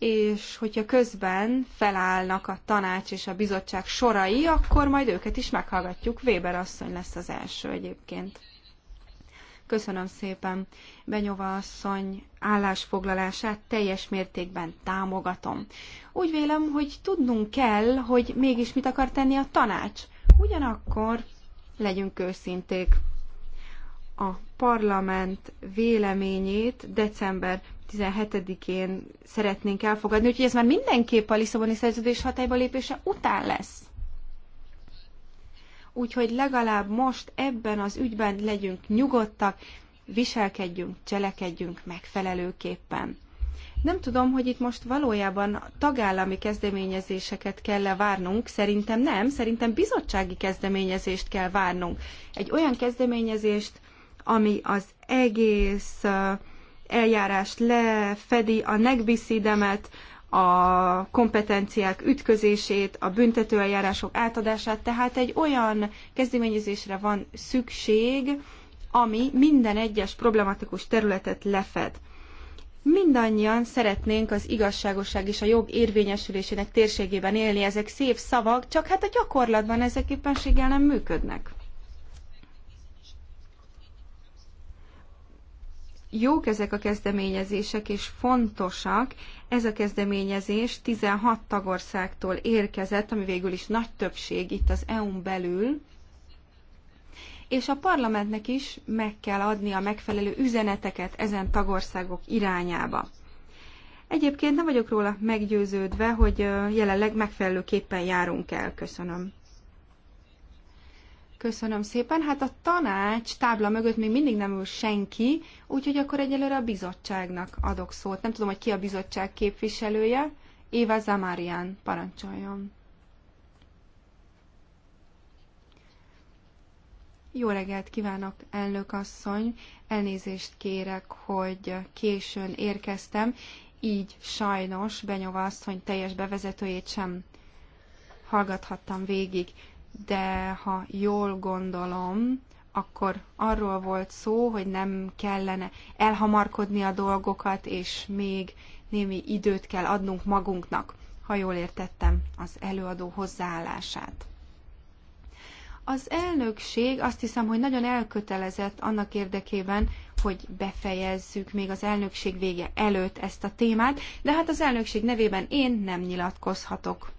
C: és hogyha közben felállnak a tanács és a bizottság sorai, akkor majd őket is meghallgatjuk. Weber asszony lesz az első egyébként. Köszönöm szépen. Benyova asszony állásfoglalását teljes mértékben támogatom. Úgy vélem, hogy tudnunk kell, hogy mégis mit akar tenni a tanács. Ugyanakkor legyünk őszinték. A parlament véleményét december 17-én szeretnénk elfogadni, úgyhogy ez már mindenképp a Lisszaboni szerződés hatályba lépése után lesz. Úgyhogy legalább most ebben az ügyben legyünk nyugodtak, viselkedjünk, cselekedjünk megfelelőképpen. Nem tudom, hogy itt most valójában tagállami kezdeményezéseket kell -e várnunk, szerintem nem, szerintem bizottsági kezdeményezést kell várnunk. Egy olyan kezdeményezést, ami az egész eljárást lefedi a negbiszidemet, a kompetenciák ütközését, a büntetőeljárások átadását, tehát egy olyan kezdeményezésre van szükség, ami minden egyes problematikus területet lefed. Mindannyian szeretnénk az igazságosság és a jog érvényesülésének térségében élni, ezek szép szavak, csak hát a gyakorlatban ezek éppenséggel nem működnek. jók ezek a kezdeményezések, és fontosak. Ez a kezdeményezés 16 tagországtól érkezett, ami végül is nagy többség itt az EU-n belül, és a parlamentnek is meg kell adni a megfelelő üzeneteket ezen tagországok irányába. Egyébként nem vagyok róla meggyőződve, hogy jelenleg megfelelőképpen járunk el. Köszönöm. Köszönöm szépen. Hát a tanács tábla mögött még mindig nem ül senki, úgyhogy akkor egyelőre a bizottságnak adok szót. Nem tudom, hogy ki a bizottság képviselője. Éva Zamárián, parancsoljon. Jó reggelt kívánok, elnök asszony! Elnézést kérek, hogy későn érkeztem, így sajnos Benyova asszony teljes bevezetőjét sem hallgathattam végig de ha jól gondolom, akkor arról volt szó, hogy nem kellene elhamarkodni a dolgokat, és még némi időt kell adnunk magunknak, ha jól értettem az előadó hozzáállását. Az elnökség azt hiszem, hogy nagyon elkötelezett annak érdekében, hogy befejezzük még az elnökség vége előtt ezt a témát, de hát az elnökség nevében én nem nyilatkozhatok.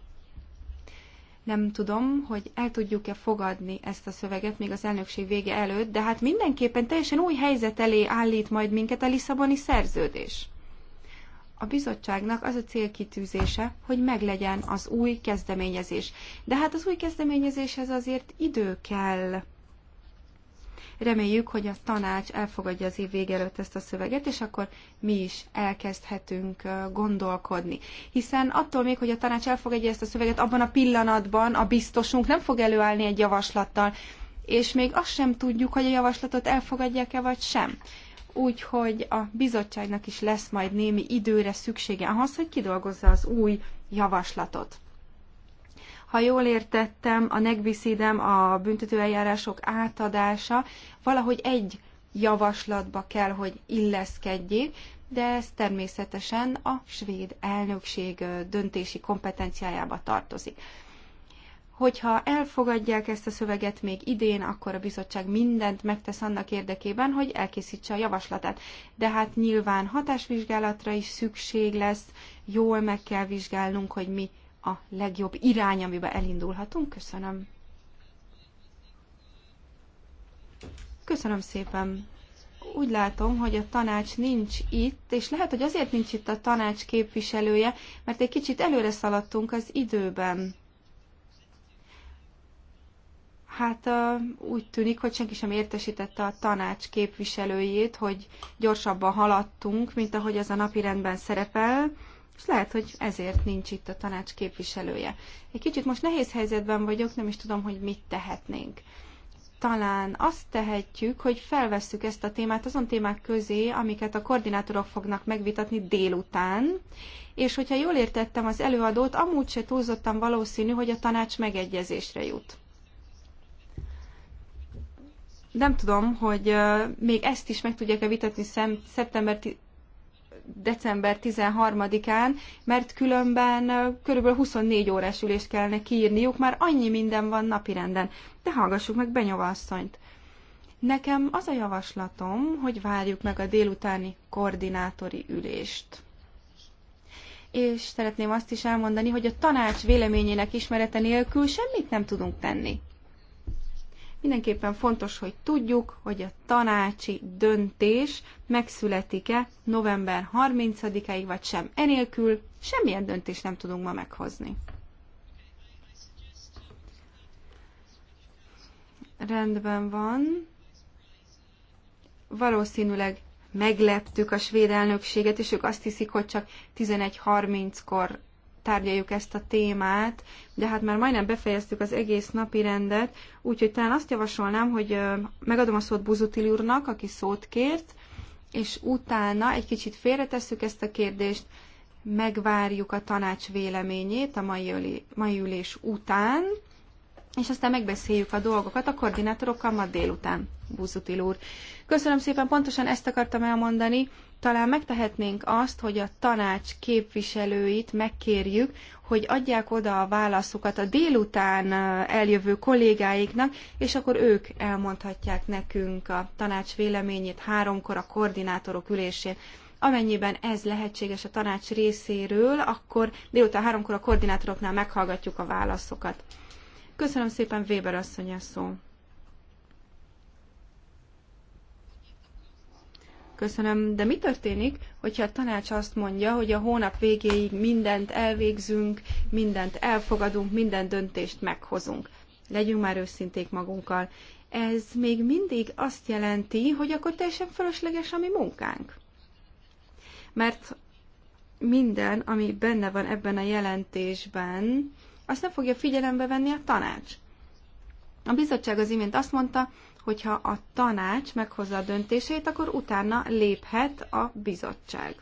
C: Nem tudom, hogy el tudjuk-e fogadni ezt a szöveget még az elnökség vége előtt, de hát mindenképpen teljesen új helyzet elé állít majd minket a Lisszaboni szerződés. A bizottságnak az a célkitűzése, hogy meglegyen az új kezdeményezés. De hát az új kezdeményezéshez azért idő kell Reméljük, hogy a tanács elfogadja az év vége előtt ezt a szöveget, és akkor mi is elkezdhetünk gondolkodni. Hiszen attól még, hogy a tanács elfogadja ezt a szöveget, abban a pillanatban a biztosunk nem fog előállni egy javaslattal, és még azt sem tudjuk, hogy a javaslatot elfogadják-e vagy sem úgyhogy a bizottságnak is lesz majd némi időre szüksége ahhoz, hogy kidolgozza az új javaslatot. Ha jól értettem, a negviszidem a büntetőeljárások átadása valahogy egy javaslatba kell, hogy illeszkedjék, de ez természetesen a svéd elnökség döntési kompetenciájába tartozik. Hogyha elfogadják ezt a szöveget még idén, akkor a bizottság mindent megtesz annak érdekében, hogy elkészítse a javaslatát. De hát nyilván hatásvizsgálatra is szükség lesz, jól meg kell vizsgálnunk, hogy mi a legjobb irány, amiben elindulhatunk. Köszönöm. Köszönöm szépen. Úgy látom, hogy a tanács nincs itt, és lehet, hogy azért nincs itt a tanács képviselője, mert egy kicsit előre szaladtunk az időben. Hát úgy tűnik, hogy senki sem értesítette a tanács képviselőjét, hogy gyorsabban haladtunk, mint ahogy az a napi rendben szerepel és lehet, hogy ezért nincs itt a tanács képviselője. Egy kicsit most nehéz helyzetben vagyok, nem is tudom, hogy mit tehetnénk. Talán azt tehetjük, hogy felvesszük ezt a témát azon témák közé, amiket a koordinátorok fognak megvitatni délután, és hogyha jól értettem az előadót, amúgy se túlzottan valószínű, hogy a tanács megegyezésre jut nem tudom, hogy még ezt is meg tudják-e vitatni szem, szeptember december 13-án, mert különben körülbelül 24 órás ülést kellene kiírniuk, már annyi minden van napirenden. De hallgassuk meg Benyova asszonyt. Nekem az a javaslatom, hogy várjuk meg a délutáni koordinátori ülést és szeretném azt is elmondani, hogy a tanács véleményének ismerete nélkül semmit nem tudunk tenni. Mindenképpen fontos, hogy tudjuk, hogy a tanácsi döntés megszületik-e november 30 ig vagy sem. Enélkül semmilyen döntést nem tudunk ma meghozni. Rendben van. Valószínűleg megleptük a svéd elnökséget, és ők azt hiszik, hogy csak 11.30-kor tárgyaljuk ezt a témát, de hát már majdnem befejeztük az egész napi rendet, úgyhogy talán azt javasolnám, hogy megadom a szót Buzutil úrnak, aki szót kért, és utána egy kicsit félretesszük ezt a kérdést, megvárjuk a tanács véleményét a mai, mai ülés után, és aztán megbeszéljük a dolgokat a koordinátorokkal ma délután, Buzutil úr. Köszönöm szépen, pontosan ezt akartam elmondani, talán megtehetnénk azt, hogy a tanács képviselőit megkérjük, hogy adják oda a válaszukat a délután eljövő kollégáiknak, és akkor ők elmondhatják nekünk a tanács véleményét háromkor a koordinátorok ülésén amennyiben ez lehetséges a tanács részéről, akkor délután háromkor a koordinátoroknál meghallgatjuk a válaszokat. Köszönöm szépen, Weber asszony a szó. Köszönöm, de mi történik, hogyha a tanács azt mondja, hogy a hónap végéig mindent elvégzünk, mindent elfogadunk, minden döntést meghozunk? Legyünk már őszinték magunkkal. Ez még mindig azt jelenti, hogy akkor teljesen fölösleges a mi munkánk. Mert minden, ami benne van ebben a jelentésben, azt nem fogja figyelembe venni a tanács. A bizottság az imént azt mondta, hogyha a tanács meghozza a döntését, akkor utána léphet a bizottság.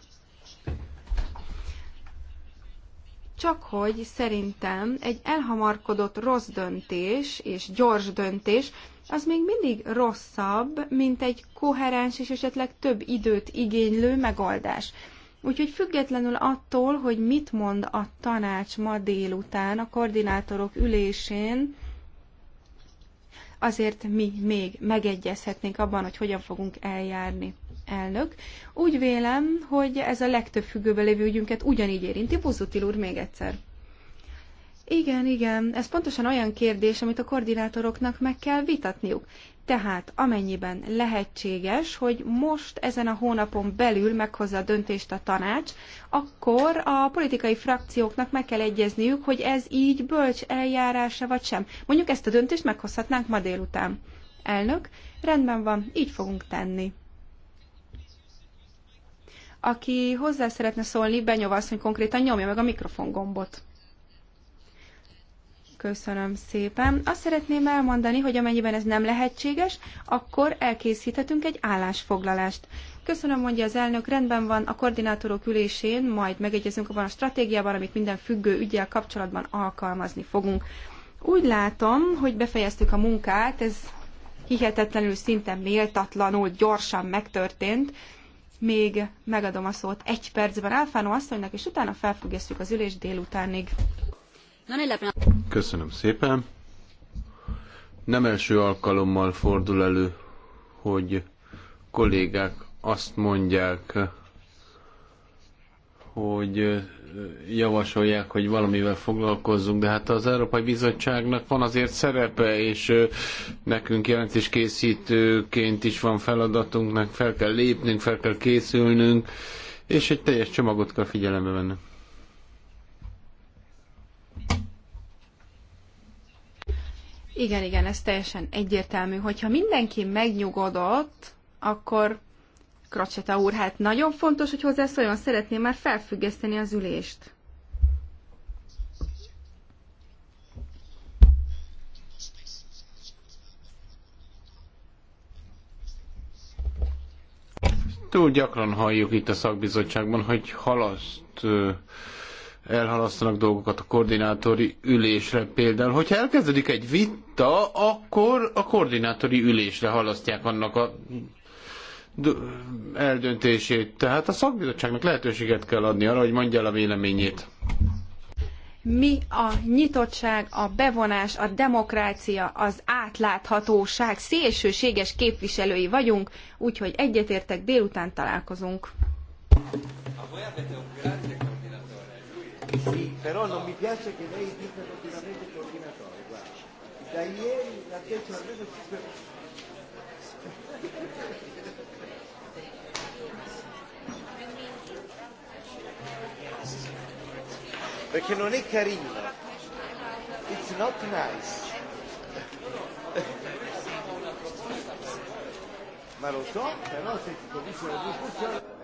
C: Csak hogy szerintem egy elhamarkodott rossz döntés és gyors döntés az még mindig rosszabb, mint egy koherens és esetleg több időt igénylő megoldás. Úgyhogy függetlenül attól, hogy mit mond a tanács ma délután a koordinátorok ülésén, azért mi még megegyezhetnénk abban, hogy hogyan fogunk eljárni. Elnök, úgy vélem, hogy ez a legtöbb függőbe lévő ügyünket ugyanígy érinti. Buzutil úr még egyszer. Igen, igen, ez pontosan olyan kérdés, amit a koordinátoroknak meg kell vitatniuk. Tehát amennyiben lehetséges, hogy most ezen a hónapon belül meghozza a döntést a tanács, akkor a politikai frakcióknak meg kell egyezniük, hogy ez így bölcs eljárása vagy sem. Mondjuk ezt a döntést meghozhatnánk ma délután. Elnök, rendben van, így fogunk tenni. Aki hozzá szeretne szólni, Benyova hogy konkrétan nyomja meg a mikrofon gombot. Köszönöm szépen. Azt szeretném elmondani, hogy amennyiben ez nem lehetséges, akkor elkészíthetünk egy állásfoglalást. Köszönöm, mondja az elnök, rendben van, a koordinátorok ülésén majd megegyezünk abban a stratégiában, amit minden függő ügyel kapcsolatban alkalmazni fogunk. Úgy látom, hogy befejeztük a munkát, ez hihetetlenül szinte méltatlanul gyorsan megtörtént. Még megadom a szót egy percben Álfánó asszonynak, és utána felfüggesztjük az ülés délutánig.
B: Köszönöm szépen. Nem első alkalommal fordul elő, hogy kollégák azt mondják, hogy javasolják, hogy valamivel foglalkozzunk, de hát az Európai Bizottságnak van azért szerepe, és nekünk jelentéskészítőként is van feladatunknak, fel kell lépnünk, fel kell készülnünk, és egy teljes csomagot kell figyelembe vennünk.
C: Igen, igen, ez teljesen egyértelmű. Hogyha mindenki megnyugodott, akkor Kracseta úr, hát nagyon fontos, hogy hozzászóljon, szeretném már felfüggeszteni az ülést.
B: Túl gyakran halljuk itt a szakbizottságban, hogy halaszt elhalasztanak dolgokat a koordinátori ülésre például. Hogyha elkezdődik egy vita, akkor a koordinátori ülésre halasztják annak a eldöntését. Tehát a szakbizottságnak lehetőséget kell adni arra, hogy mondja el a véleményét.
C: Mi a nyitottság, a bevonás, a demokrácia, az átláthatóság szélsőséges képviselői vagyunk, úgyhogy egyetértek, délután találkozunk
D: però non mi piace che lei dica continuamente coordinatore, guarda. Da ieri l'ha detto almeno Perché non è carino.
A: It's not nice.
D: Ma lo so, però se ti cominciano a discussione...